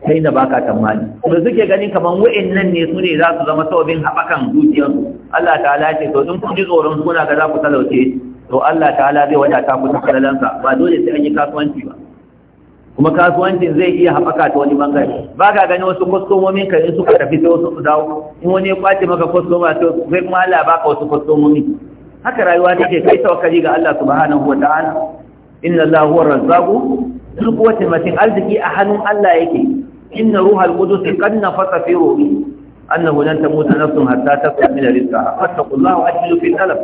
ta inda baka tamani Da suke ganin kaman wa'annan ne su ne za su zama sababin haɓakan zuciyarsu Allah ta'ala ce to in kun ji tsoron kuna ga za ku talauce to Allah ta'ala zai wadata ku ta kalalansa ba dole sai an yi kasuwanci ba kuma kasuwancin zai iya haɓaka ta wani bangare ba ka gani wasu kwastomomin ka in suka tafi sai wasu su dawo in wani ya kwace maka kwastoma sai kuma Allah ba ka wasu kwastomomi haka rayuwa take kai tawakkali ga Allah subhanahu wa ta'ala inna Allah huwa razzaqu duk wata matin arziki a hannun Allah yake inna ruhal qudus qad nafasa fi ruhi annahu lan tamuta nafsun hatta tasqa min rizqaha fattaqullaha wa ajlu fi talab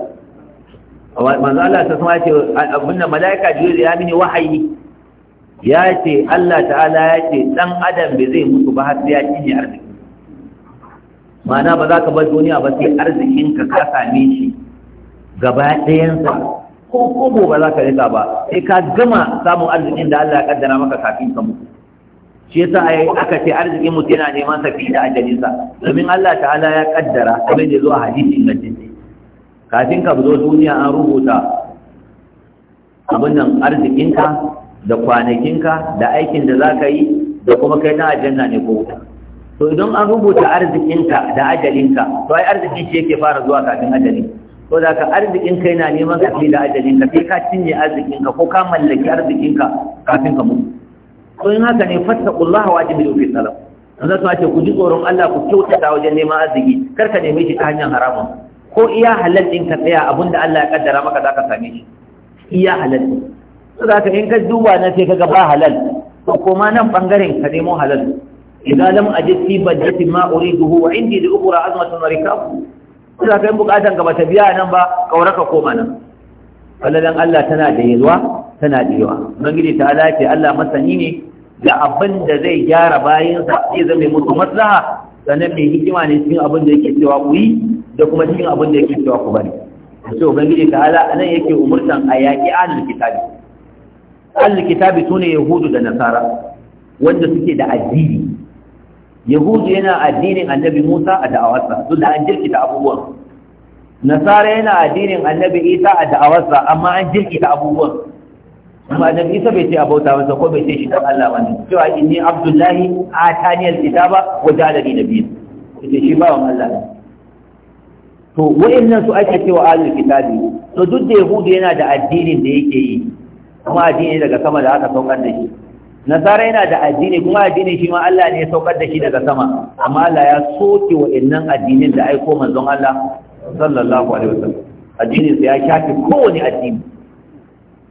manzo Allah ta sama ce abinda malaika jibril ya mini wahayi ya ce Allah ta'ala ya ce dan adam bai zai mutu ba har sai ya cinye arziki ma'ana ba za ka bar duniya ba sai arzikinka ka same shi gaba ɗayansa ko ko ba za ka rika ba sai ka gama samun arzikin da Allah ya kaddara maka kafin ka mutu shi yasa ai aka ce arzikin mutum yana neman sa da ajalinsa domin Allah ta'ala ya kaddara abin da zuwa a na ingantacce kafin ka zo duniya an rubuta abin nan arzikinka da kwanakinka da aikin da za ka yi da kuma kai na ne ko wuta to idan an rubuta arzikinka da ajalinka to ai arziki shi yake fara zuwa kafin ajalinka to da ka arzikin kai na neman ka da ajalin ka sai ka cinye arzikin ka ko ka mallaki arzikin ka kafin ka mutu to in haka ne fattaqullaha wa ajibu fi salam Allah ta ce ku ji tsoron Allah ku kyautata wajen neman arziki kar ka neme shi ta hanyar haramun ko iya halal din ka tsaya abinda Allah ya kaddara maka zaka same shi iya halal din to da ka in ka duba na sai kaga ba halal to koma nan bangaren ka nemo halal idan lam ajid fi bajati ma uriduhu wa indi li ukra azmatun rikabu kuna kai bukatan ka bata biya nan ba kaura ka koma nan fallalan Allah tana da yalwa tana da yawa ubangiji ta ala ce Allah masani ne da abin da zai gyara sa zai zama musu maslaha sannan mai hikima ne cikin abin da yake cewa ku yi da kuma cikin abin da yake cewa ku bari sai ubangiji ta ala nan yake umurtan a yaƙi ahlul kitabi ahlul kitabi sune yahudu da nasara wanda suke da addini yahudu yana addinin annabi musa a da'awarsa duk da an jirkita abubuwan nasara yana addinin annabi isa a da'awarsa amma an jirkita abubuwan amma annabi isa bai ce a bauta masa ko bai ce shi don allah ba ne cewa inni abdullahi Ataniyal kitaba wa Jalani nabiya ita shi bawan allah ne to wa'annan su ake cewa ahlul kitabi to duk da yahudu yana da addinin da yake yi kuma addini daga sama da aka saukar da shi nasara yana da addini kuma addini shi ma Allah ne ya saukar da shi daga sama amma Allah ya soke wa'annan addinin da aiko manzon Allah sallallahu alaihi wasallam addinin sa ya shafi kowane addini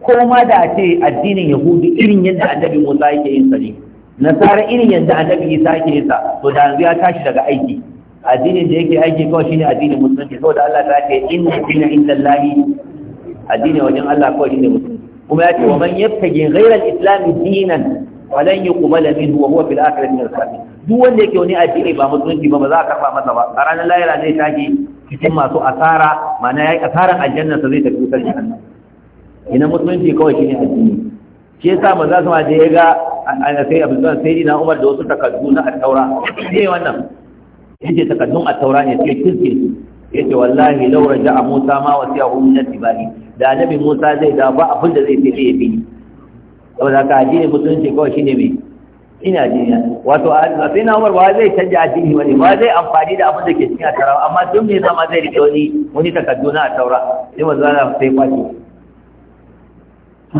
ko ma da a ce addinin yahudi irin yadda annabi Musa yake yin sani nasara irin yadda annabi Isa yake yin sa to da yanzu ya tashi daga aiki addinin da yake aiki kawai shine addinin musulunci saboda Allah ta ce inna dina illallahi addini wajen Allah kawai shine musulunci kuma ya ce wa man yabtaji ghayra al-islam dinan falan yuqbala minhu wa huwa fil akhirati min al-khasirin duk wanda yake wani addini ba musulunci ba ba za a karba masa ba a ranar lahira zai tashi cikin masu asara ma'ana yayi asaran aljanna sa zai tafi wutar jahannam ina musulunci kawai shine addini shi yasa maza su ma da ya ga sai abu zan sai na umar da wasu takaddu na at-taura sai wannan yace takaddun at-taura ne sai kirkin yace wallahi law raja'a musa ma wasiyahu min at-tibai da annabi Musa zai da ba abin da zai tafi ya bi saboda ka addini ko kawai shine mai ina addini wato a sai na Umar ba zai canja addini wani ba zai amfani da abin da ke cikin atarawa amma duk me zama zai rike wani wani takadduna a taura sai manzo Allah sai kwaci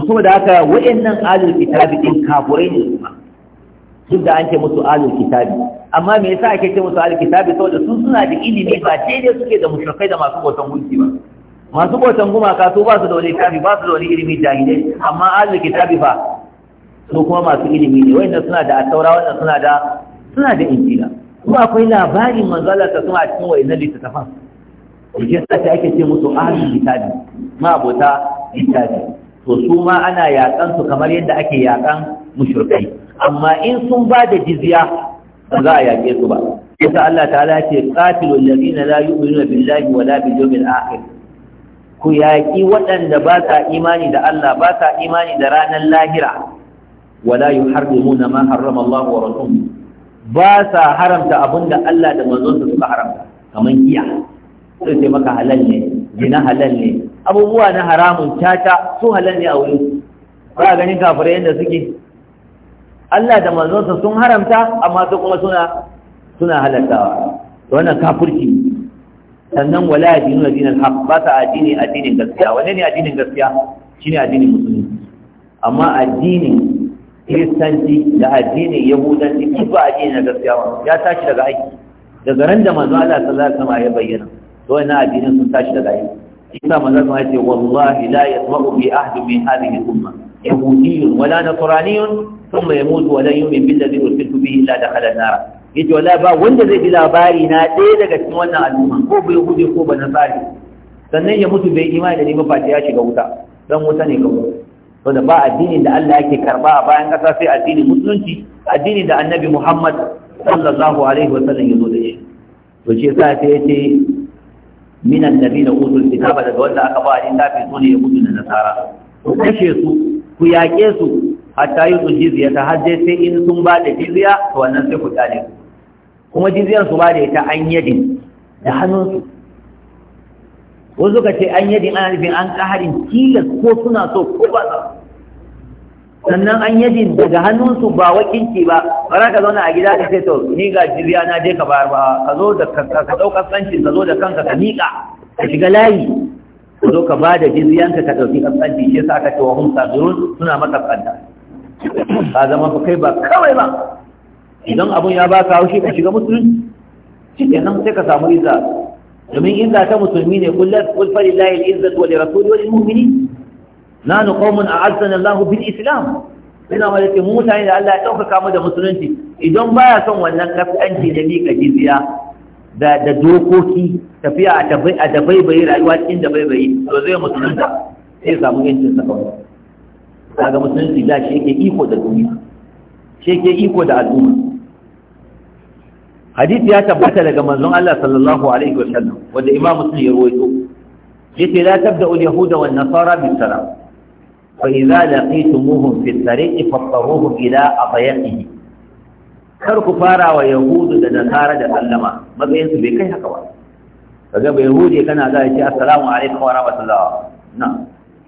saboda haka wayannan alul kitabi din kafurai ne kuma duk da an ce musu alul kitabi amma me yasa ake ce musu alul kitabi saboda su suna da ilimi ba daidai suke da mushrikai da masu bautan gunki ba masu bautan gumaka su ba su da wani kafi ba su da wani ilimi jahilai amma ahli kitabi fa su kuma masu ilimi ne wanda suna da asaura wanda suna da suna da injila kuma akwai labarin manzo Allah ta kuma a cikin wayannan littattafan yake sa ta ake ce musu ahli kitabi ma abota kitabi to su ma ana yakan su kamar yadda ake yakan mushrikai amma in sun ba da jizya za a yake su ba yasa Allah ta'ala ce qatilul ladina la yu'minuna billahi wala bil yawmil akhir ku yaƙi waɗanda ba sa imani da Allah ba sa imani da ranar lahira wala yuharrimuna ma harrama Allah wa rasuluhu ba sa haramta da Allah da su suka haramta Kamar giya sai ce maka halal ne gina halal ne abubuwa na haramun cata su halal ne a wurin ba ganin kafirai yadda suke Allah da manzonsa sun haramta amma su kuma suna suna halattawa wannan kafirci sannan wala addinu na dinin haq ba ta addini addinin gaskiya wanne ne addinin gaskiya Shi ne addinin musulmi amma addinin kiristanci da addinin yahudanci duk ba addinin na gaskiya ba ya tashi daga aiki daga ran da manzo Allah sallallahu alaihi wasallam ya bayyana to wannan addinin sun tashi daga aiki isa manzo Allah ya ce wallahi la yasma'u bi ahadin min hadhihi umma yahudiyyun wala nasraniyyun thumma yamutu wa la yu'min billadhi ursiltu bihi illa dakhala an-nar yace wallahi ba wanda zai bi labari na ɗaya daga cikin wannan al'umma ko bai hude ko ba na nasari sannan ya mutu bai imani da ni ba ya shiga wuta dan wuta ne To da ba addinin da Allah yake karba a bayan kasa sai addinin musulunci addinin da annabi Muhammad sallallahu alaihi wa sallam ya zo da shi to shi yasa sai yace min na utul kitaba daga wanda aka ba ni tafi ne ya mutu da nasara ku kashe su ku yaƙe su hatta yi su jizya ta hajje sai in sun ba da jizya to wannan sai ku kyale ku kuma jizyar su ba da ita an yadin da hannunsu wasu suka ce an yadin ana nufin an ƙaharin tilas ko suna so ko ba sa sannan an yadin daga hannunsu ba wakilci ba bara ka zauna a gida ka ce to ni ga jiziya na je ka ba ka zo da ka ɗaukar tsanci ka zo da kanka ka miƙa ka shiga layi ka zo ka ba da jizyanka ka ɗauki tsanci shi yasa ka ce wa hun sabirun suna maka tsada ka zama ba kai ba kawai ba idan abun ya ba ka haushi ka shiga musulunci shike nan sai ka samu izza domin izza ta musulmi ne kullum kulfari lillahi al-izzatu wa li rasuli wa Na mu'minin nanu qaumun a'azzana Allahu bil islam ina ma yake mutane da Allah ya dauka mu da musulunci idan baya son wannan kafanci da mika jizya da da dokoki tafiya a tabai a dabaibayi rayuwa cikin dabaibayi to zai musulunta sai samu yancin sa kawai kaga musulunci da shi yake iko da duniya shi yake iko da al'umma hadisi ya tabbata daga manzon Allah sallallahu alaihi wasallam wanda imam muslim ya rawaito yace la tabda'u al-yahud wa an-nasara bis-salam fa idza laqitumuhum fi tariqi tariq fattaruhum ila adyaqihi kar ku fara wa yahudu da nasara da sallama matsayin su bai kai haka ba kaga bai yahudi kana za ya ce assalamu alaikum wa rahmatullah na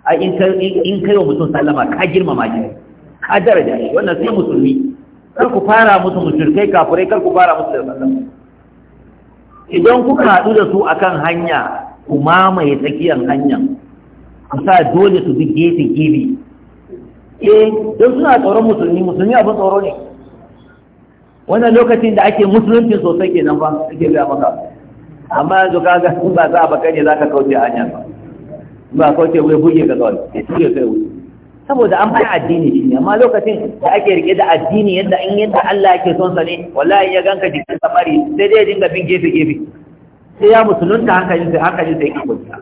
ai in kai in kai wa mutum sallama ka girmama shi ka daraja shi wannan sai musulmi kar ku fara musu mushrikai kafirai kar ku fara musu da idan kuka haɗu da su akan hanya ku mamaye tsakiyar hanya ku sa dole su bi gefe gefe eh don suna tsoron musulmi musulmi abin tsoro ne wannan lokacin da ake musulunci sosai kenan ba ake gaya maka amma yanzu ka ga ba za a baka ne za ka kauce hanya ba ba kauce wai buge ka kawai ya tuge kai wuce saboda an fara addini shi ne amma lokacin da ake rike da addini yadda in yadda Allah yake son sa ne wallahi ya ganka jikin safari sai dai dinga bin gefe gefe sai ya musulunta hankali sai hankali sai ka kwanta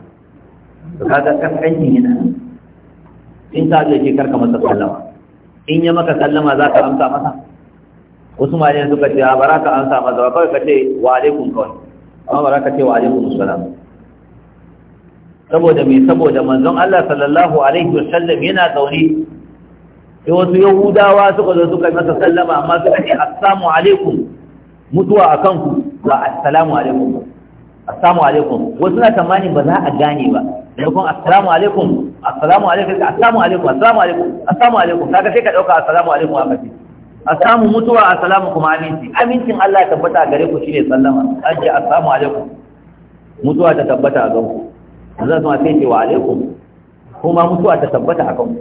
to kaga ne yana in ka ga ke karka masa sallama in ya maka sallama za ka amsa masa wasu malayan suka ce a baraka amsa masa ba kawai ka ce wa alaikum kawai amma baraka ce wa alaikum salam saboda mai saboda manzon Allah sallallahu alaihi wasallam yana zaune sai wasu yahudawa suka zo suka masa sallama amma suka ce assalamu alaikum mutuwa a kanku ba assalamu alaikum assalamu alaikum wasu na tamanin ba za a gane ba maimakon assalamu alaikum assalamu alaikum assalamu alaikum assalamu alaikum assalamu alaikum kaga sai ka dauka assalamu alaikum haka ce assalamu mutuwa assalamu kuma aminci amincin Allah ya tabbata gare ku shine sallama aje assalamu alaikum mutuwa ta tabbata a ganku zan sama sai ce wa alaikum kuma mutuwa ta tabbata a kan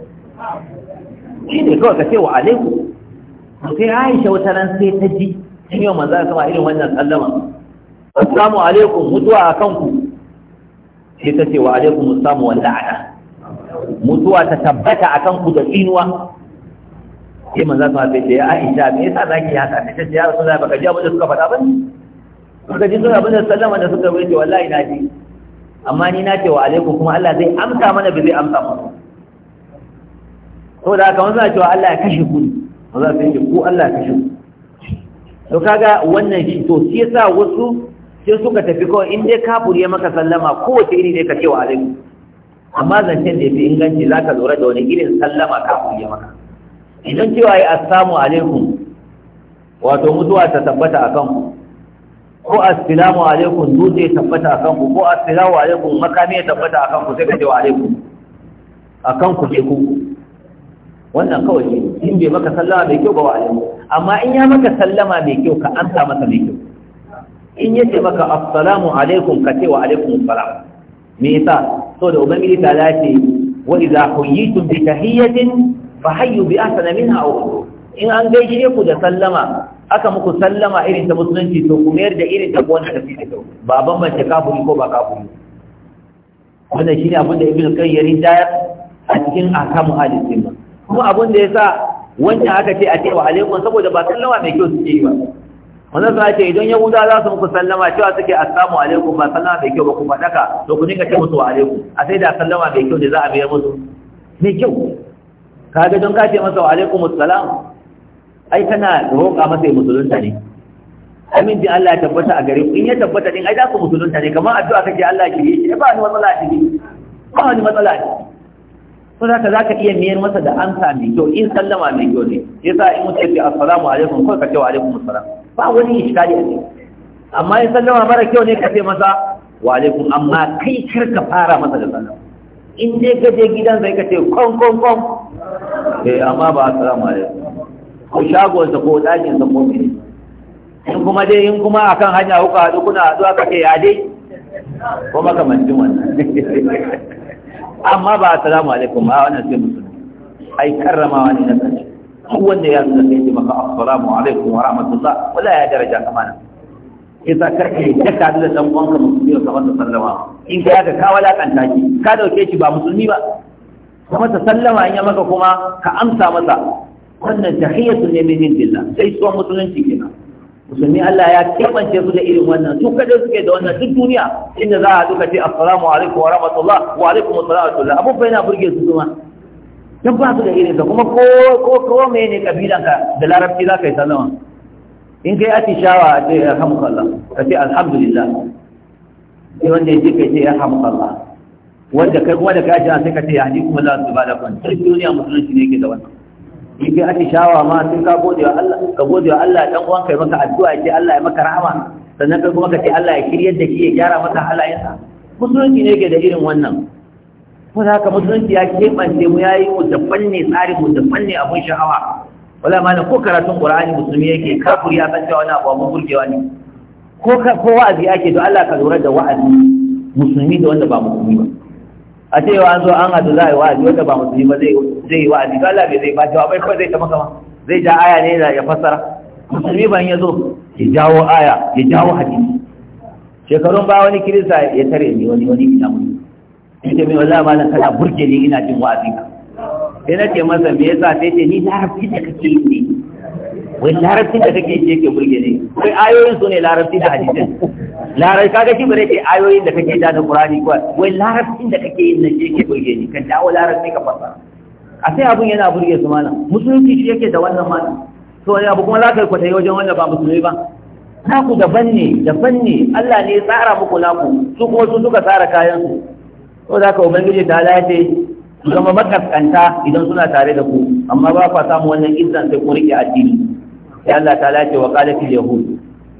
shi ne kawai ka ce wa alaikum sai aisha wata ran sai ta ji in yau manzan sama irin wannan sallama assalamu alaikum mutuwa a kanku sai ta ce wa alaikum assalamu wa la'ana mutuwa ta tabbata a kanku da tsinuwa sai manzan sama sai ce ya aisha me yasa zaki ya sai ta ce ya rasu baka ji abin da suka faɗa ba ne baka ji suna abin da sallama da suka wuce wallahi na ji amma ni na ce wa alaikum kuma Allah zai amsa mana ba zai amsa mu to da haka wanda zai cewa Allah ya kashe ku ba za su ce ku Allah ya kashe ku to kaga wannan shi to shi yasa wasu sai suka tafi kawai in dai kafuri ya maka sallama kowace iri ne ka ce wa alaikum amma zancen da ya fi inganci za ka lura da wani irin sallama kafuri ya maka idan cewa ya assalamu alaikum wato mutuwa ta tabbata a kanku ko assalamu alaikum dutse ya tabbata akan ku ko assalamu alaikum makami ya tabbata akan ku sai ka ce wa alaikum akan ku ke ku wannan kawai ne. in bai maka sallama mai kyau ba wa alaikum amma in ya maka sallama mai kyau ka amsa masa mai kyau in yace maka assalamu alaikum ka ce wa alaikum assalam me yasa saboda ubangiji ta dace wa idza huyitum bi tahiyatin fa hayyu bi ahsana minha aw in an gaishe ku da sallama aka muku sallama irin ta musulunci to ku mayar da irin ta wanda ta fito. da ba bambance ko ba kafuri wannan shine abin da ibnu qayyim ya rinjayar a cikin ahkamu ahli ba kuma abin da yasa wancan aka ce a cewa alaikum saboda ba sallama mai kyau suke yi ba wannan sa ce idan yahuda za su muku sallama cewa suke assalamu alaikum ba sallama mai kyau ba kuma daka to ku dinga ce musu alaikum a sai da sallama mai kyau da za a biya musu mai kyau kaga don ka ce masa wa alaikum assalam ai tana roƙa masa musulunta ne amin ji Allah ya tabbata a gare in ya tabbata din ai za ku musulunta ne kamar addu'a kake Allah ki yi ba ni matsala ki yi ba ni matsala ki to ko za ka zaka iya miyar masa da amsa mai kyau in sallama mai kyau ne sai sa in mutum ya assalamu alaikum ko ka ce wa alaikum assalam ba wani iskali a ciki amma in sallama mara kyau ne ka ce masa wa alaikum amma kai kar ka fara masa da sallama in dai ka je gidan sai ka ce kon kon kon eh amma ba assalamu alaikum ko shagonsa ko ɗakinsa ko mene in kuma dai in kuma akan hanya kuka haɗu kuna haɗu aka kai ya dai ko makamancin wannan amma ba assalamu alaikum ba wannan sai musulmi ai karramawa ne na ƙarshe duk wanda ya zuwa sai maka assalamu alaikum wa rahmatullah wala ya daraja kamana Kisa karke da ka da dan uwanka musulmi ka masa sallama in ka ga ka walakanta ki? ka dauke shi ba musulmi ba ka masa sallama in ya maka kuma ka amsa masa wannan tahiyatu ne min indillah sai suwan musulunci kenan musulmi Allah ya kebance su da irin wannan su kadai suke da wannan duk duniya inda za a duka ce assalamu alaikum wa rahmatullah wa alaikum assalam wa rahmatullah abun fa yana burge su kuma dan ba su da irin sa kuma ko ko ko mene kabilan ka da larabci za ka yi sallama in kai atishawa a ce ya alhamdulillah ka ce alhamdulillah sai wanda ya ce kai ce alhamdulillah wanda kai kuma da kai a sai ka ce ya ni kuma za su ba da kwanci duniya musulunci ne ke da wannan in kai shawa ma sai ka gode wa Allah ka gode wa Allah dan uwan kai maka addu'a ya ce Allah ya maka rahama sannan kai kuma ka ce Allah ya kiryar da ki ya gyara maka halayensa musulunci ne ke da irin wannan ko da haka musulunci ya keɓance mu ya yi mu daban ne tsarin mu daban ne abun sha'awa wala ma ko karatun qur'ani musulmi yake kafiri ya san cewa wani abu abun burgewa ne ko ka ko wa'azi ake to Allah ka lura da wa'azi musulmi da wanda ba musulmi ba a ce an zo an hadu za a yi wa'azi wanda ba musulmi ba zai yi wa'azi ba Allah bai zai bace ba bai kawai zai ta maka zai ja aya ne ya fassara musulmi ban ya zo ya jawo aya ya jawo hadisi shekarun ba wani kirista ya tare ni wani wani ina mutu ni ce mai wallahi malam kana burge ni ina jin wa'azi ka sai na ce masa me yasa sai ce ni larabci da kake yi ne wai larabcin da kake yi ke burge ni wai ayoyin su ne larabci da hadisin Larar kaga shi bare ce ayoyin da kake da Qur'ani ko wai larabcin da kake yin nan ke burge ni kan dawo larabci ka fasa a sai abun yana burge su mana musulunci shi yake da wannan mana to wani abu kuma za ka yau kwatai wanda ba musulmi ba ku daban ne daban ne Allah ne ya tsara muku naku su kuma su suka tsara kayan su to za ka ubangiji ta lafe su zama makaskanta idan suna tare da ku amma ba fa samu wannan izzan sai ku rike addini sai Allah ta lafe wa qalatil yahud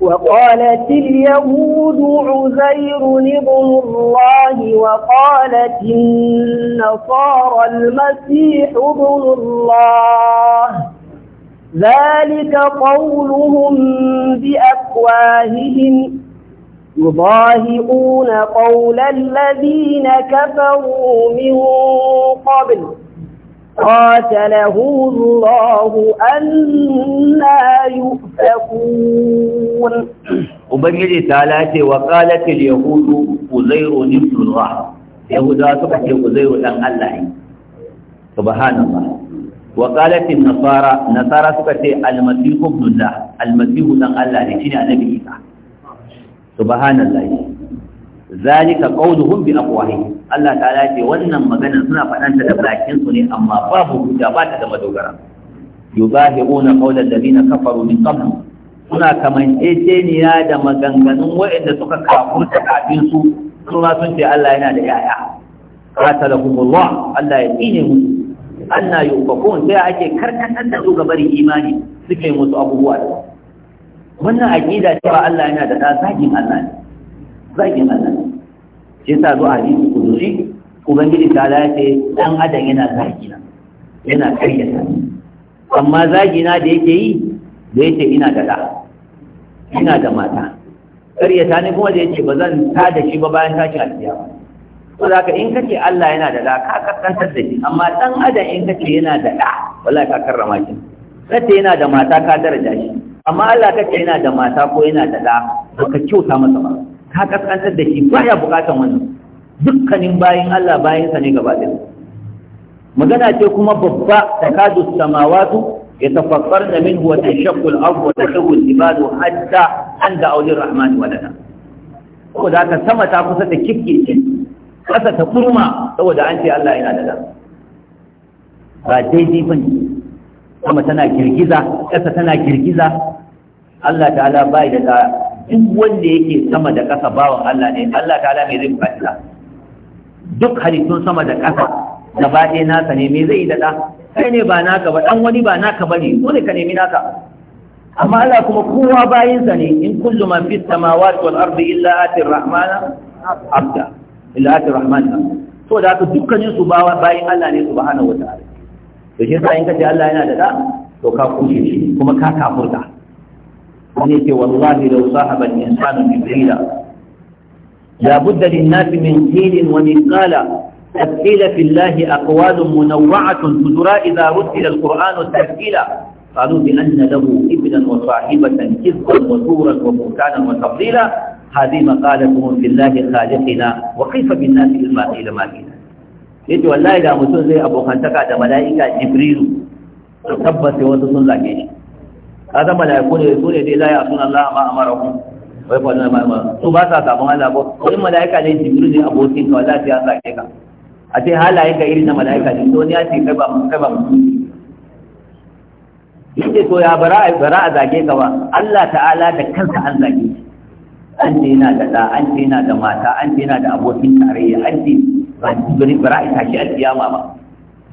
وقالت اليهود عزير ابن الله وقالت النصارى المسيح ابن الله ذلك قولهم بأفواههم يضاهئون قول الذين كفروا من قبل قاتلهم الله أنا يؤفكون ubangiji ta lace wa qalatil yahudu uzairu ibnullah yahuda suka ce uzairu dan Allah ne subhanallah wa qalatil nasara nasara suka ce almasih ibnullah almasih dan Allah ne shine annabi isa subhanallah zalika qawluhum bi aqwahihim Allah ta ce wannan magana suna faɗan ta da bakin su ne amma babu hujja ba ta da madogara yubahiruna qawla alladhina kafaru min qabl suna kamanceceniya da maganganun wa'inda suka da kafin su suna sun ce Allah yana da yaya kuma, Allah ya tsine musu yi yufakun sai ake karkatar da shugabarin bari imani suke musu abubuwa da wannan aƙida cewa Allah yana da da zagin Allah ne zagin Allah ne shi sa zuwa hadisi kudusi ubangiji ta ce dan adam yana zagina yana karyata amma zagina da yake yi da yake ina da da ina da mata ƙaryata ne kuma da ya ce ba zan ta da shi ba bayan tashin alfiya ba ko za ka in kace Allah yana da laka ka kasantar da shi amma ɗan adam in kace yana da da wallahi ka karrama shi kace yana da mata ka daraja shi amma Allah kace yana da mata ko yana da da baka kyauta masa ba ka kasantar da shi baya bukatan wannan dukkanin bayin Allah sa ne gaba ɗaya magana ce kuma babba takadu samawatu يتفطرن منه وتنشق الأرض وتخو الجبال حتى عند أولي الرحمن ولدا saboda ka sama ta kusa ta kifke kasa ta kurma saboda an ce Allah yana da da ba daidai ba ne sama tana girgiza kasa tana girgiza Allah ta'ala bai da duk wanda yake sama da kasa, bawan Allah ne Allah ta'ala mai zai bukata duk halittun sama da ƙasa gaba ɗaya nasa ne me zai yi da kai ne ba naka ba dan wani ba naka ba ne dole ka nemi naka amma Allah kuma kowa bayinsa ne in kullu man fis samawati wal ardi illa atir rahmana abda illa atir rahmana to da haka dukkanin su bayin Allah ne subhanahu wataala to shi yasa in kace Allah yana da da to ka kushe shi kuma ka kafurta wani ke wallahi law sahaba al-insanu jibrila la budda lin-nasi min jilin wa min qala تسئلة في الله أقوال منوعة تدرى إذا رسل القرآن تسئلة قالوا بأن له ابنا وصاحبة كذبا وزورا وبهتانا وتفضيلا هذه مقالتهم في الله خالقنا وكيف بالناس إلما إلى ما فينا يجو الله إلى مسؤول زي أبو خانتكا دا ملائكة جبريل تثبت وتصن لكيش هذا ما لا ملائكون يقول يدي لا يأسون الله ما أمرهم ويقول لنا ما أمرهم سباسا تابوها لابو كل ملائكة جبريل أبو سين والله سياسا كيكا a ce halayen ka irin na mala'ika ne to ne ya ce kai ba mu kai ba mu yace to ya bara bara a zage ka ba Allah ta'ala da kansa an zage shi an ce yana da da an ce yana da mata an ce yana da abokin tarayya an ce ba bara a tashi alƙiyama ba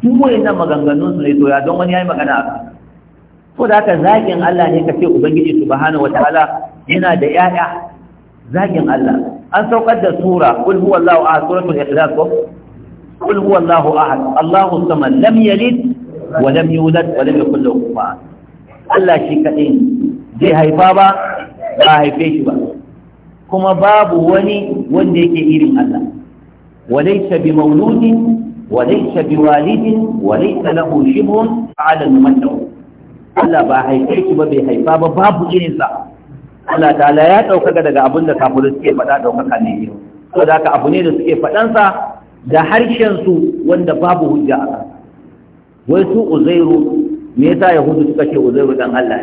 duk wayannan maganganun su ne to ya don wani yayi magana a ko da haka zagin Allah ne kace ubangiji subhanahu wataala yana da yaya zagin Allah an saukar da sura kul huwallahu ahad suratul ikhlas ko قل هو الله أحد الله الصمد لم يلد ولم يولد ولم يكن له كفوا أحد Allah shi kaɗai zai haifa ba ba haife shi ba kuma babu wani wanda yake irin Allah walaysa bi mauludin walaysa bi walidin walaysa lahu shibhun ala al Allah ba haife shi ba bai haifa ba babu irinsa Allah ta'ala ya ɗaukaka daga abin da kafirai suke faɗa ɗaukaka ne yau saboda haka abu ne da suke faɗansa da harshensu wanda babu hujja a kan wai su uzairu me yasa yahudu suka ce uzairu dan Allah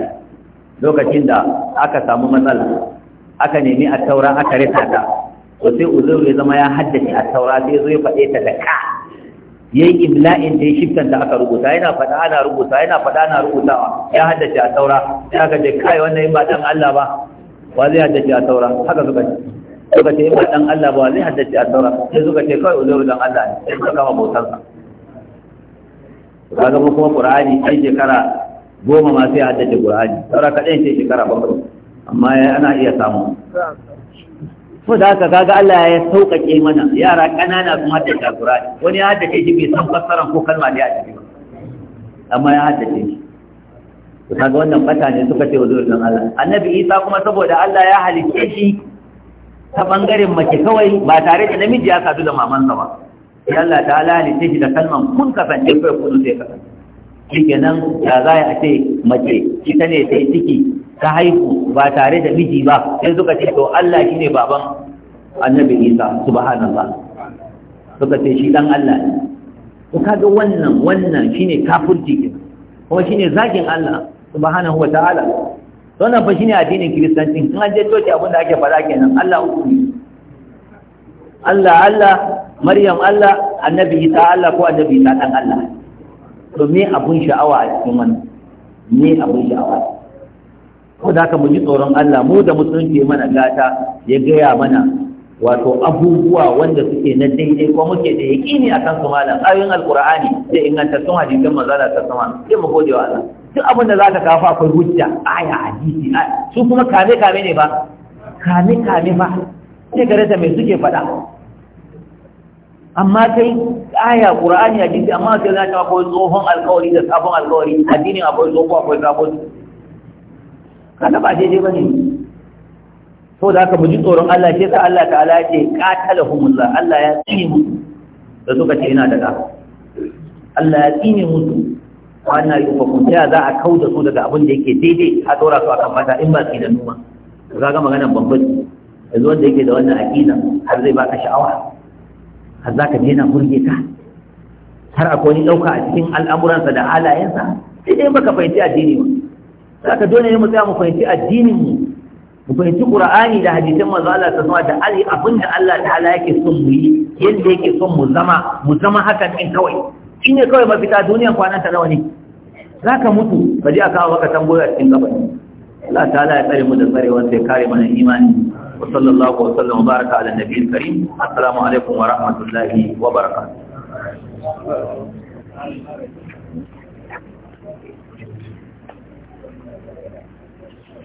ne lokacin da aka samu matsala aka nemi a taura aka rita ta to sai uzairu ya zama ya haddace a taura sai zo ya faɗe ta da ka yayi imla'in da shiftan da aka rubuta yana faɗa ana rubuta yana faɗa ana rubutawa ya haddace a taura sai aka ce kai wannan ba dan Allah ba wa zai haddace a taura haka suka ce suka ce ba dan Allah ba zai haddace a saura sai suka ce kawai uzuru dan Allah ne sai suka kama sa kaga kuma qur'ani sai shekara goma ma sai haddace qur'ani saura kaɗai ce shekara bakwai amma ana iya samu ko da haka kaga Allah ya sauƙaƙe mana yara ƙanana sun haddace qur'ani wani ya haddace shi bai san fassara ko kalma da ya haddace ba amma ya haddace shi kaga wannan fata ne suka ce uzuru dan Allah annabi Isa kuma saboda Allah ya halicce shi ta bangaren mace kawai ba tare da namiji ya sadu da mamansa ba sai Allah ta halitta shi da kalman kun kasance kai kudu sai kasance kenan ya za a ce mace ita ne ta yi ciki ta haihu ba tare da miji ba sai suka ce to Allah shine baban annabi Isa subhanallah suka ce shi dan Allah ne ko kaga wannan wannan shine kafirci kuma shine zagin Allah subhanahu wa ta'ala wannan fa shine addinin kiristanci in an je coci abinda ake faɗa kenan Allah uku ne Allah Allah Maryam Allah Annabi Isa Allah ko Annabi Isa dan Allah to me abun sha'awa a cikin wannan me abun sha'awa ko da haka mu ji tsoron Allah mu da musulunci mana gata ya gaya mana wato abubuwa wanda suke na daidai ko muke da yaƙini akan su malam ayoyin alqur'ani da ingantattun hadisan manzala ta sama sai mu gode wa Allah duk abin da za ka kafa akwai hujja aya hadisi su kuma kame kame ne ba kame kame ba sai ka rasa mai suke faɗa amma kai aya qur'ani hadisi amma sai za ka akwai tsohon alƙawari da sabon alƙawari addinin akwai tsoho akwai sabon kana ba je ba ne to da aka buji ji tsoron Allah sai sa Allah ta'ala ya ce qatalahumullah Allah ya tsine mu da suka ce ina da Allah ya tsine mu wannan yi uku ta za a kauda su daga abin da yake daidai a tsora su kan mata in ba su da noma za ga magana bambanci yanzu wanda yake da wannan aƙida har zai baka sha'awa har za ka je na burge ka har akwai wani ɗauka a cikin al'amuransa da halayensa sai dai baka fahimci addini ba za ka dole ne mu tsaya mu fahimci addinin mu mu fahimci qur'ani da hadisan manzo Allah ta da ali abinda Allah ta'ala yake son mu yi yadda yake son mu zama mu zama haka din kawai shi ne kawai mafita duniyan ta nawa ne za ka mutu ba ji a kawo maka tamboyi a cikin gabani Allah ta'ala ya tsare mu da wanda ya kare mana imani wa sallallahu wa sallam wa baraka ala nabi karim assalamu alaikum wa rahmatullahi wa barakatuh